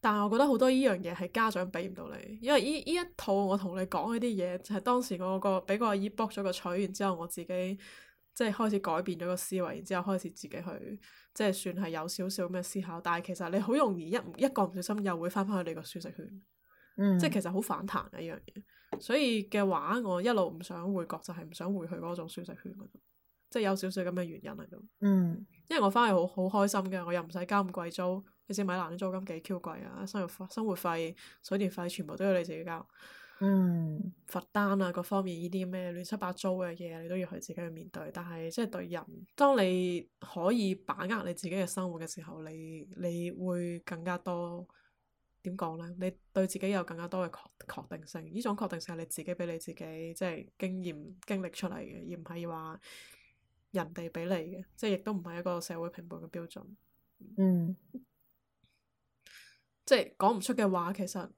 Speaker 1: 但係我覺得好多依樣嘢係家長俾唔到你，因為依依一,一套我同你講嗰啲嘢，就係、是、當時我，我、e、個俾個阿姨 block 咗個取，然之後我自己即係開始改變咗個思維，然之後開始自己去即係算係有少少咁嘅思考。但係其實你好容易一一,一個唔小心又會翻翻去你個舒適圈，嗯、
Speaker 3: 即係其
Speaker 1: 實好反彈嘅一樣嘢。所以嘅話，我一路唔想回國，就係、是、唔想回去嗰種舒適圈嗰度，即係有少少咁嘅原因嚟嘅。嗯、因為我翻去好好開心嘅，我又唔使交咁貴租。你知米蘭啲租金幾 Q 貴啊！生活費、生活費、水電費全部都要你自己交。嗯。罰單啊，各方面呢啲咩亂七八糟嘅嘢，你都要去自己去面對。但係即係對人，當你可以把握你自己嘅生活嘅時候，你你會更加多點講呢？你對自己有更加多嘅確確定性。呢種確定性係你自己俾你自己，即係經驗經歷出嚟嘅，而唔係話人哋俾你嘅，即係亦都唔係一個社會評判嘅標準。嗯。即係講唔出嘅話，其實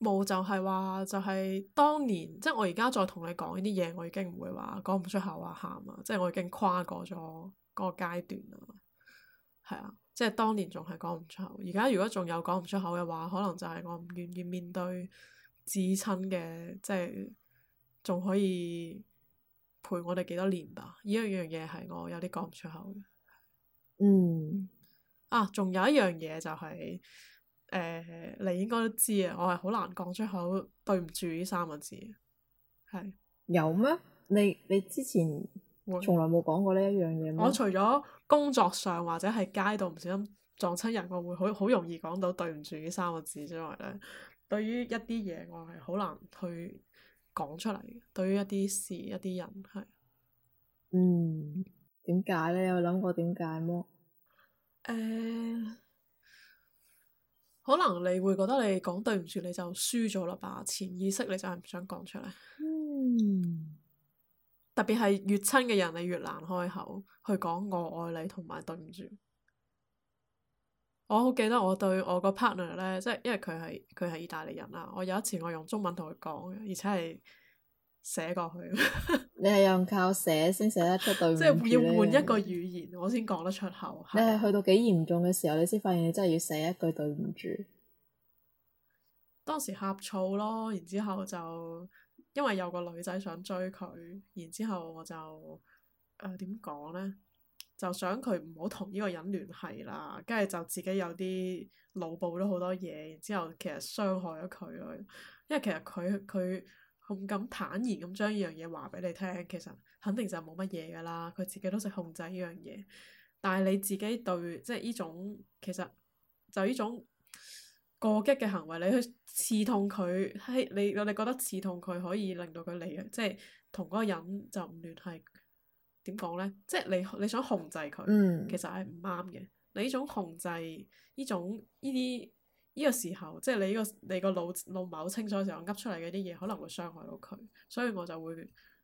Speaker 1: 冇就係話，就係、是就是、當年，即係我而家再同你講呢啲嘢，我已經唔會話講唔出口啊、喊啊，即係我已經跨過咗嗰個階段啦。係啊，即係當年仲係講唔出口，而家如果仲有講唔出口嘅話，可能就係我唔願意面對至親嘅，即係仲可以陪我哋幾多年吧。呢一樣嘢係我有啲講唔出口嘅。嗯。啊，仲有一樣嘢就係、是，誒、呃，你應該都知啊，我係好難講出口，對唔住呢三個字。
Speaker 2: 係。有咩？你你之前我從來冇講過呢一樣嘢。我除
Speaker 1: 咗工作上或者喺街度唔小心撞親人，我會好好容易講到對唔住呢三個字之外咧，對於一啲嘢我係好難去講出嚟。對於一啲事、一啲人，係。嗯，點解咧？有諗過點解麼？誒，uh, 可能你會覺得你講對唔住你就輸咗喇吧，潛意識你就係唔想講出嚟。Hmm. 特別係越親嘅人，你越難開口去講我愛你同埋對唔住。我好記得我對我個 partner 呢，即係因為佢係佢係意大利人啦。我有一次我用中文同佢講嘅，而且係。寫過去，
Speaker 2: 你係用靠寫先寫得出對唔住？即係要換一個
Speaker 1: 語言，我先講得出口。
Speaker 2: 你係去到幾嚴重嘅時候，你先發現你真係要寫一句對唔住。
Speaker 1: 當時呷醋咯，然之後就因為有個女仔想追佢，然之後我就誒，點講呢，就想佢唔好同呢個人聯繫啦，跟住就自己有啲腦補咗好多嘢，然之後其實傷害咗佢，因為其實佢佢。唔敢坦然咁將呢樣嘢話俾你聽，其實肯定就冇乜嘢噶啦，佢自己都識控制呢樣嘢。但係你自己對即係呢種其實就呢種過激嘅行為，你去刺痛佢，你你覺得刺痛佢可以令到佢離嘅，即係同嗰個人就唔聯繫。點講呢？即係你你想控制佢，嗯、其實係唔啱嘅。你呢種控制呢種呢啲。呢個時候，即係你呢個你個腦腦唔係好清楚嘅時候，噏出嚟嘅啲嘢可能會傷害到佢，所以我就會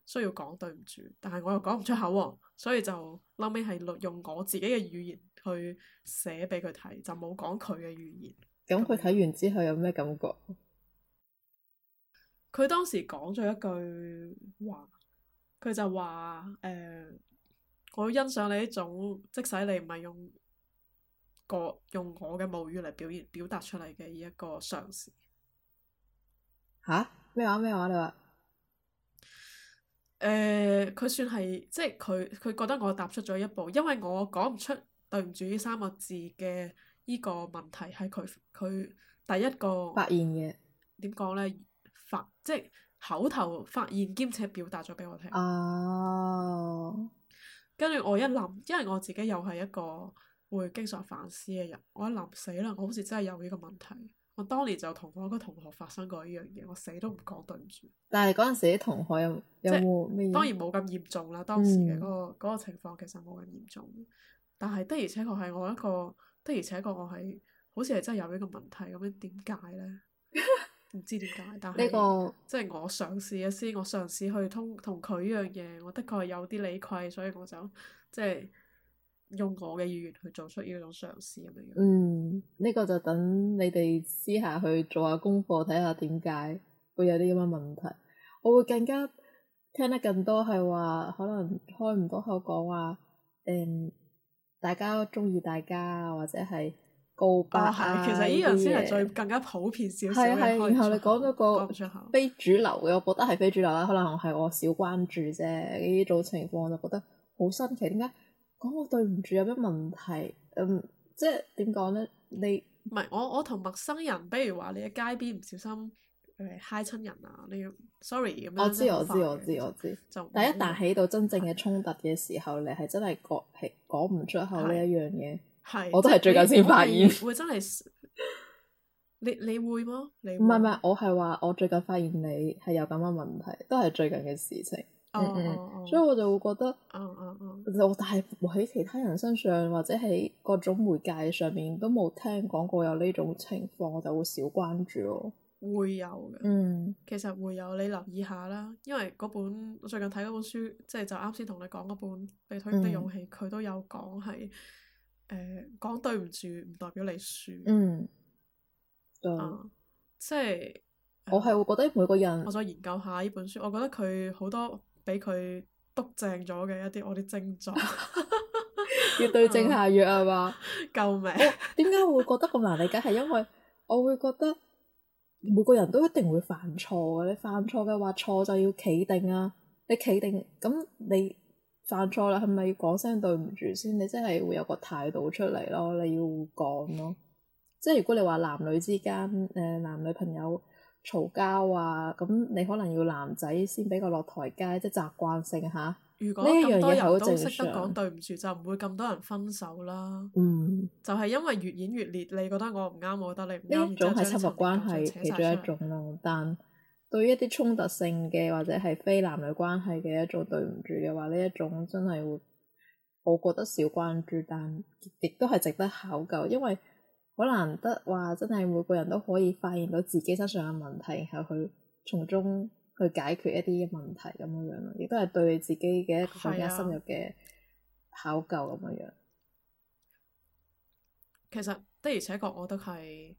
Speaker 1: 需要講對唔住，但係我又講唔出口喎，所以就後尾係用我自己嘅語言去寫俾佢睇，就冇講佢嘅語言。
Speaker 2: 咁佢睇完之後有咩感覺？
Speaker 1: 佢當時講咗一句話，佢就話：誒、呃，我欣賞你呢種，即使你唔係用。我用我嘅母語嚟表現表達出嚟嘅一個嘗試。
Speaker 2: 嚇？咩話？咩
Speaker 1: 話你話？誒，佢、呃、算係即係佢，佢覺得我踏出咗一步，因為我講唔出對唔住呢三個字嘅依個問題，係佢，佢第一個發現嘅，點講呢？發即係口頭發現兼且表達咗俾我聽。
Speaker 3: 哦，
Speaker 1: 跟住我一諗，因為我自己又係一個。會經常反思嘅人，我一諗死啦，我好似真係有呢個問題。我當年就同我一個同學發生過呢樣嘢，我死都唔講，對唔住。
Speaker 2: 但係嗰陣時啲同學有有，有當然
Speaker 1: 冇咁嚴重啦，當時嘅嗰、嗰個、嗯、個情況其實冇咁嚴重。但係的而且確係我一個的而且確我係好似係真係有呢個問題咁樣，點解呢？唔 知點解，但係、呢個、即係我嘗試一先，我嘗試去通同佢呢樣嘢，我的確係有啲理虧，所以我就即係。用我嘅意願去做出呢種嘗試咁
Speaker 2: 樣，嗯，呢、呢個就等你哋私下去做下功課，睇下點解會有啲咁嘅問題。我會更加聽得更多係話，可能開唔到口講話誒，大家中意大家或者係告白、哦、其實呢樣先係最
Speaker 1: 更加普遍少少嘅。係口然後你
Speaker 2: 講嗰個非主流嘅，口我覺得係非主流啦。可能係我少關注啫，呢種情況我就覺得好新奇，點解？講我、哦、對唔住有咩問題？嗯，即係點講咧？你
Speaker 1: 唔係我，我同陌生人，比如話你喺街邊唔小心，誒、呃，揩親人啊，你 Sorry，樣，sorry 咁樣。我知，我知，我知就我
Speaker 2: 知。我知不但係一旦起到真正嘅衝突嘅時候的你係真係講係講唔出口呢一樣嘢。係我都係最近先發現。喂，真係你你會麼？ 你唔係唔係，我係話我最近發現你係有咁嘅問題，都係最近嘅事情。嗯，嗯所以我就會覺得，嗯嗯嗯，嗯，嗯、我但係喺其他人身上或者喺各種媒介上面都冇聽講過有呢種情況，我就會少關注咯。
Speaker 1: 會有嘅，嗯，其實會有，你留意下啦。因為嗰本我最近睇嗰本書，即係就啱先同你講嗰本《被討厭的勇氣》，佢、嗯、都有講係誒講對唔住唔代表你輸，
Speaker 2: 嗯，誒，
Speaker 1: 即係、嗯、
Speaker 2: 我係會覺得每個人，我再
Speaker 1: 研究下呢本書，我覺得佢好多。畀佢督正咗嘅一啲我啲症狀，
Speaker 2: 要對症下藥係嘛？ 吧救命、 哦！點解我會覺得咁難？理解？係 因為我會覺得每個人都一定會犯錯嘅。你犯錯嘅話，錯就要企定啊！你企定咁，你犯錯啦，係咪要講聲對唔住先？你真係會有個態度出嚟咯，你要講咯。即係如果你話男女之間，誒、呃、男女朋友。嘈交啊，咁你可能要男仔先畀個落台階，即係習慣性嚇。啊、如果咁多人都識得講
Speaker 1: 對唔住，就唔會咁多人分手啦。嗯，就係因為越演越烈，你覺得我唔啱，我覺得你唔啱，就呢一種係親密關係其中一
Speaker 2: 種咯，但對於一啲衝突性嘅或者係非男女關係嘅一種對唔住嘅話，呢一種真係會，我覺得少關注，但亦都係值得考究，因為。好難得話真係每個人都可以發現到自己身上嘅問題，然後去從中去解決一啲嘅問題咁樣樣，亦都係對自己嘅一個更加深入嘅考究咁樣樣。
Speaker 1: 其實的而且確，我都係。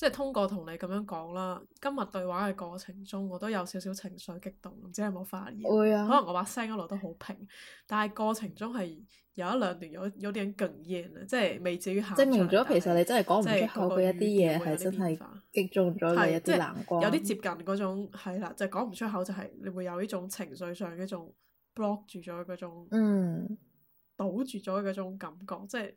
Speaker 1: 即係通過同你咁樣講啦，今日對話嘅過程中，我都有少少情緒激動，唔知有冇發現？會啊。可能我把聲一路都好平，的但係過程中係有一兩段有有啲緊哽咽啊，即係未至於喊。證明咗了是其實你真係講唔出口嘅一啲嘢係真係
Speaker 2: 激中咗你一啲難關，就是、有啲接
Speaker 1: 近嗰種係啦，就係講唔出口，就係你會有呢種情緒上嘅一種 block 住咗嗰種，嗯，堵住咗嗰種感覺，即係。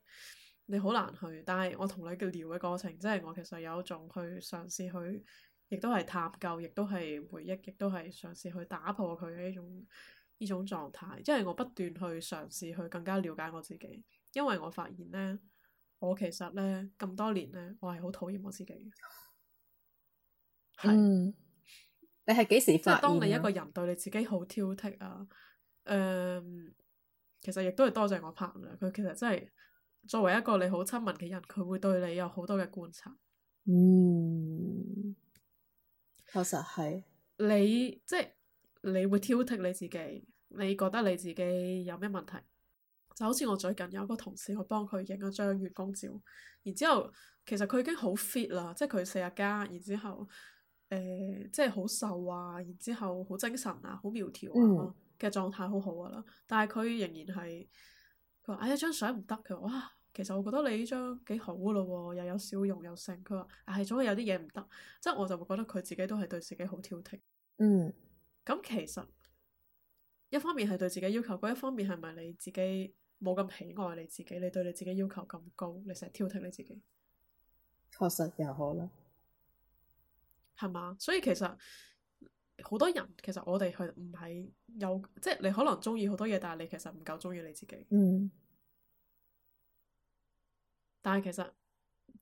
Speaker 1: 你好難去，但係我同你嘅聊嘅過程，即係我其實有一種去嘗試去，亦都係探究，亦都係回憶，亦都係嘗試去打破佢嘅一種呢種狀態，因為我不斷去嘗試去更加了解我自己，因為我發現呢，我其實呢咁多年呢，我係好討厭我自己。
Speaker 3: 嘅。嗯。
Speaker 2: 是你係幾時
Speaker 3: 發？當你一個
Speaker 1: 人對你自己好挑剔啊？誒、嗯，其實亦都係多謝我 partner 啊，佢其實真係。作為一個你好親民嘅人，佢會對你有好多嘅觀察。嗯，
Speaker 2: 確實係
Speaker 1: 你即係你會挑剔你自己，你覺得你自己有咩問題？就好似我最近有個同事，去幫佢影咗張員工照，然之後其實佢已經好 fit 啦，即係佢四日加，然之後誒、呃、即係好瘦啊，然之後好精神啊，苗條啊嗯、好苗條啊嘅狀態好好噶啦，但係佢仍然係。佢話：唉、哎，一張相唔得。佢話：哇，其實我覺得你呢張幾好咯喎，又有笑容又盛。佢話：唉、哎，總係有啲嘢唔得。即係我就會覺得佢自己都係對自己好挑剔。嗯，咁其實一方面係對自己要求高，一方面係咪你自己冇咁喜愛你自己？你對你自己要求咁高，你成日挑剔你自己。
Speaker 2: 確實有可能，
Speaker 1: 係嘛？所以其實。好多人其實我哋係唔係有，即係你可能中意好多嘢，但係你其實唔夠中意你自己。嗯。但係其實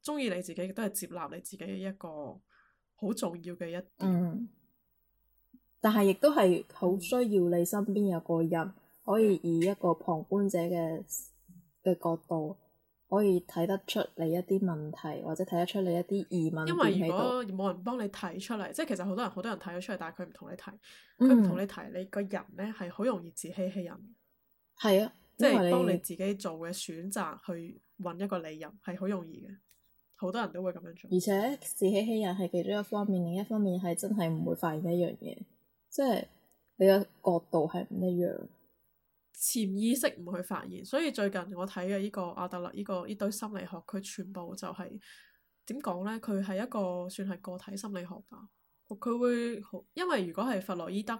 Speaker 1: 中意你自己亦都係接納你自己一個好重要嘅一
Speaker 3: 點。嗯。
Speaker 2: 但係亦都係好需要你身邊有個人可以以一個旁觀者嘅嘅角度可以睇得出你一啲問題，或者睇得出你一啲疑問。因為如
Speaker 1: 果冇人幫你睇出嚟，即係其實好多人好多人睇得出嚟，但係佢唔同你提。
Speaker 2: 佢唔同你
Speaker 1: 提，你個人咧係好容易自欺欺人。係
Speaker 2: 啊，即係幫你
Speaker 1: 自己做嘅選擇去揾一個理由係好容易嘅，好多人都會咁樣做。而且
Speaker 2: 自欺欺人係其中一方面，另一方面係真係唔會發現一樣嘢，即係你個角度係唔一樣。
Speaker 1: 潛意識唔去發現，所以最近我睇嘅呢個阿德勒呢、這個呢堆心理學，佢全部就係點講呢？佢係一個算係個體心理學吧？佢會好因為如果係弗洛伊德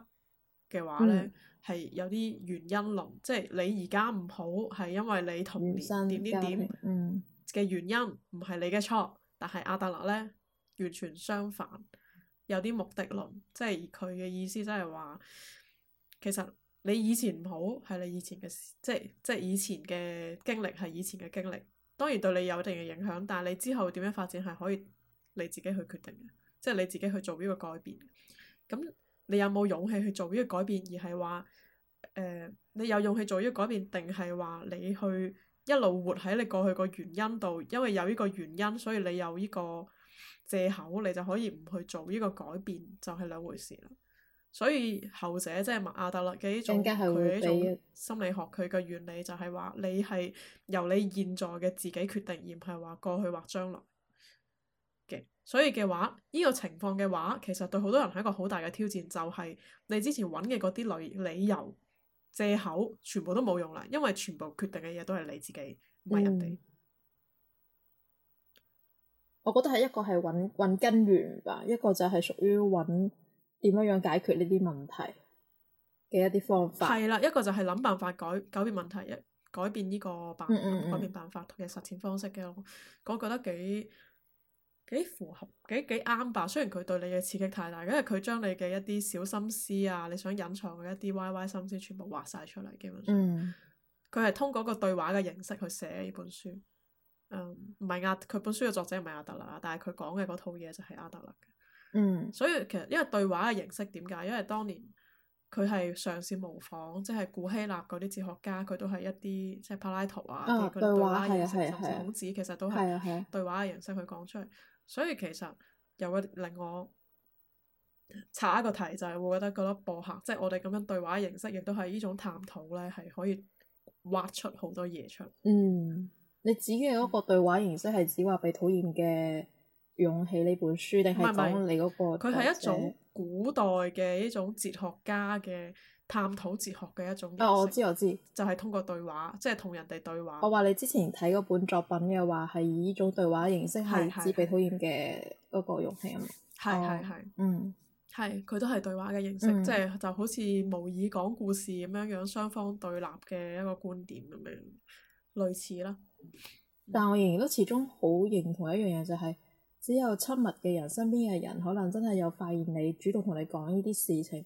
Speaker 1: 嘅話呢，係、嗯、有啲原因論，即係你而家唔好係因為你童年點點點嘅原因，唔係你嘅錯。但係阿德勒呢，完全相反，有啲目的論，即係佢嘅意思，即係話其實。你以前唔好，係你以前嘅即係即係以前嘅經歷係以前嘅經歷，當然對你有一定嘅影響，但係你之後點樣發展係可以你自己去決定嘅，即係你自己去做呢個改變。咁你有冇勇氣去做呢個改變？而係話誒，你有勇氣做呢個改變，定係話你去一路活喺你過去個原因度，因為有呢個原因，所以你有呢個借口，你就可以唔去做呢個改變，就係、是、兩回事啦。所以後者即係麥阿德勒嘅呢種佢呢種心理學，佢嘅原理就係話你係由你現在嘅自己決定，而唔係話過去或將來嘅。所以嘅話，呢、這個情況嘅話，其實對好多人係一個好大嘅挑戰，就係、是、你之前揾嘅嗰啲理理由借口全部都冇用啦，因為全部決定嘅嘢都係你自己
Speaker 2: 唔係人哋、嗯。我覺得係一個係揾揾根源吧，一個就係屬於揾。點樣樣解決呢啲問題嘅一啲方法？係啦，
Speaker 1: 一個就係諗辦法改改變問題，一改變呢個辦法嗯嗯嗯改變辦法同嘅實踐方式嘅，我覺得幾幾符合幾幾啱吧。雖然佢對你嘅刺激太大，因為佢將你嘅一啲小心思啊，你想隱藏嘅一啲歪歪心思，全部畫晒出嚟。基本上，佢係、嗯、通過一個對話嘅形式去寫呢本書。唔、嗯、係阿佢本書嘅作者唔係阿德勒，但係佢講嘅嗰套嘢就係阿德勒。嗯，所以其實因為對話嘅形式點解？因為當年佢係嘗試模仿，即係古希臘嗰啲哲學家，佢都係一啲即係柏拉圖啊，佢、哦、對，對話形式，甚至孔子其實都係對話嘅形式去講出嚟。所以其實有個令我查一個題就係，我覺得覺得播客即係、就是、我哋咁樣對話形式，亦都係呢種探討咧，係可以挖出好多嘢出嚟。嗯，
Speaker 2: 你自己嗰個對話形式係指話被討厭嘅。勇氣呢本書定係講你嗰，那個佢係或者一種
Speaker 1: 古代嘅一種哲學家嘅探討哲學嘅一種。啊，我知我知，就係通過對話，即係同人哋
Speaker 2: 對話。我話你之前睇嗰本作品嘅話，係以呢種對話形式係自被討厭嘅嗰個勇氣啊。係係係，哦、嗯，
Speaker 1: 係佢都係對話嘅形式，即係、嗯、就，就好似模擬講故事咁樣樣，雙方對立嘅一個觀點咁樣，
Speaker 2: 類似啦。但我仍然都始終好認同一樣嘢，就是，就係。只有親密嘅人，身邊嘅人可能真係有發現你主動同你講呢啲事情，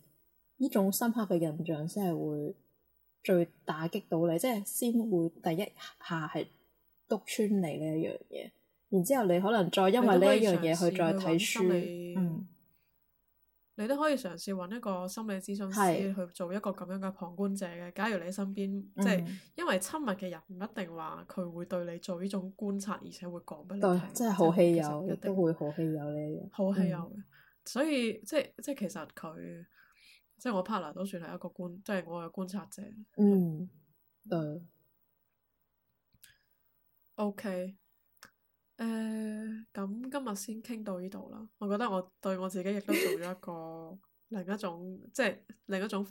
Speaker 2: 呢種深刻嘅印象先係會最打擊到你，即係先會第一下係督穿你呢一樣嘢，然之後你可能再因為呢一樣嘢去再睇書，嗯。
Speaker 1: 你都可以嘗試揾一個心理諮詢師是去做一個咁樣嘅旁觀者嘅。假如你身邊、mm hmm. 即係因為親密嘅人，唔一定話佢會對你做呢種觀察，而且會講俾你聽。都係好稀有，一
Speaker 2: 定會好稀有呢啲。好稀有，嘅、嗯。
Speaker 1: 所以即係即係其實佢，即係我 partner 都算係一個觀，即係我嘅觀察者。
Speaker 3: 嗯。
Speaker 2: O
Speaker 1: K 是。對 okay. 誒，咁、uh, 嗯、今日先傾到呢度啦。我覺得我對我自己亦都做咗一個 另一種，即係另一種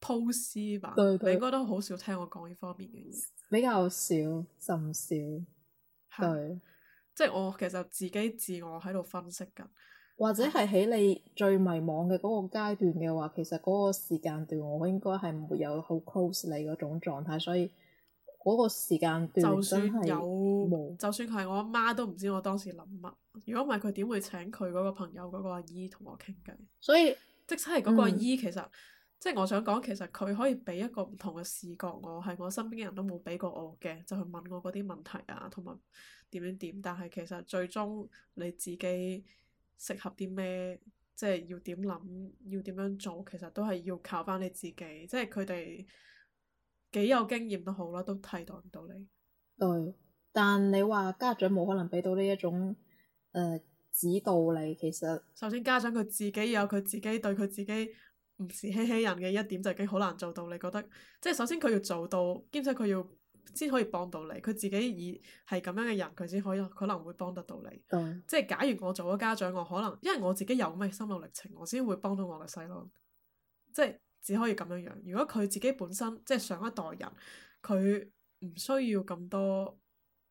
Speaker 1: 剖析吧。對對對，你應該都好少聽我講呢方面嘅
Speaker 2: 嘢。比較少，甚少。是對，
Speaker 1: 即係我其實自己自我喺度分析緊。或者係
Speaker 2: 喺你最迷茫嘅嗰個階段嘅話，其實嗰個時間段我應該係冇有好 close 你嗰種狀態，所以。嗰個時間就算有，沒
Speaker 1: 就算係我阿媽都唔知我當時諗乜。如果唔係佢點會請佢嗰個朋友嗰個阿姨同我傾偈？
Speaker 2: 所以，
Speaker 1: 即使係嗰個阿姨，嗯其、其實即係我想講，其實佢可以俾一個唔同嘅視角我，係我身邊嘅人都冇俾過我嘅，就去問我嗰啲問題啊，同埋點樣點。但係其實最終你自己適合啲咩，即係要點諗，要點樣做，其實都係要靠翻你自己。即係佢哋。幾有經驗都好啦，都
Speaker 2: 替代唔到你。對，但你話家長冇可能俾到呢一種誒、呃、指導你，其實首
Speaker 1: 先家長佢自
Speaker 2: 己有佢自己對佢自己
Speaker 1: 唔是欺欺人嘅一點，就已經好難做到你。你覺得，即係首先佢要做到，兼且佢要先可以幫到你，佢自己以係咁樣嘅人，佢先可以可能會幫得到你。對即係假如我做咗家長，我可能因為我自己有咩心路歷程，我先會幫到我嘅細路。即係。只可以咁樣樣。如果佢自己本身即係上一代人，佢唔需要咁多，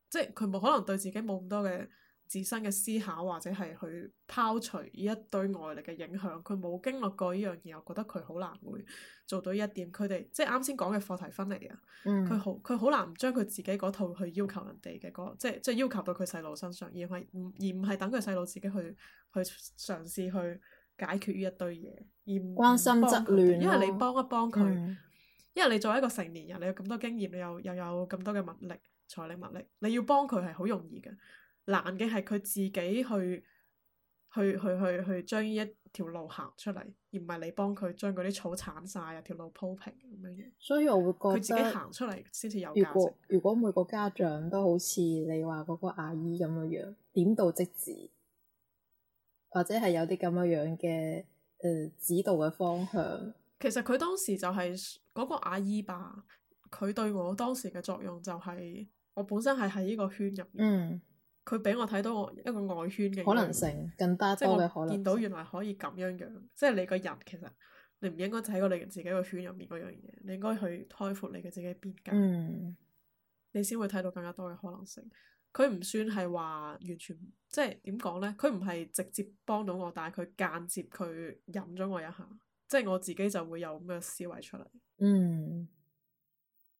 Speaker 1: 即係佢冇可能對自己冇咁多嘅自身嘅思考，或者係去拋除依一堆外力嘅影響。佢冇經歷過依樣嘢，我覺得佢好難會做到依一點。佢哋即係啱先講嘅課題分離啊。佢好佢好難唔將佢自己嗰套去要求人哋嘅嗰，即係即係要求到佢細路身上，而係而唔係等佢細路自己去去嘗試去，解決於一堆嘢，而
Speaker 2: 唔關心則亂。因為你
Speaker 1: 幫一幫佢，嗯、因為你作為一個成年人，你有咁多經驗，你又又有咁多嘅物力、財力、物力，你要幫佢係好容易嘅。難嘅係佢自己去去去去去將呢一條路行出嚟，而唔係你幫佢將嗰啲草剷晒，有條路鋪平咁樣嘅。
Speaker 2: 所以我會覺得佢自己行
Speaker 1: 出嚟先至有價
Speaker 2: 值如。如果每個家長都好似你話嗰個阿姨咁嘅樣，點到即止。或者係有啲咁樣樣嘅，誒，指導嘅方向。
Speaker 1: 其實佢當時就係嗰個阿姨吧，佢對我當時嘅作用就係、是，我本身係喺呢個圈入面，佢俾、嗯、我睇到我一個外圈嘅可,可能性，更加即我哋可能，見到原來可以咁樣樣，即係你個人其實你唔應該就喺個你自己個圈入面嗰樣嘢，你應該去開闊你嘅自己嘅邊
Speaker 2: 界，
Speaker 3: 嗯、
Speaker 1: 你先會睇到更加多嘅可能性。佢唔算係話完全，即係點講咧？佢唔係直接幫到我，但係佢間接佢引咗我一下，即係我自己就會有咁嘅思維出嚟。
Speaker 2: 嗯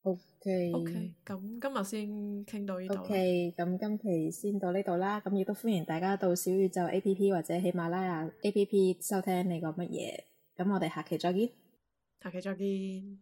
Speaker 2: ，OK，OK，
Speaker 1: 咁今日先傾到呢度。OK，
Speaker 2: 咁今期先到呢度啦，咁亦都歡迎大家到小宇宙 A P P 或者喜馬拉雅 A P P 收聽你個乜嘢。咁我哋下期再見。
Speaker 1: 下期再見。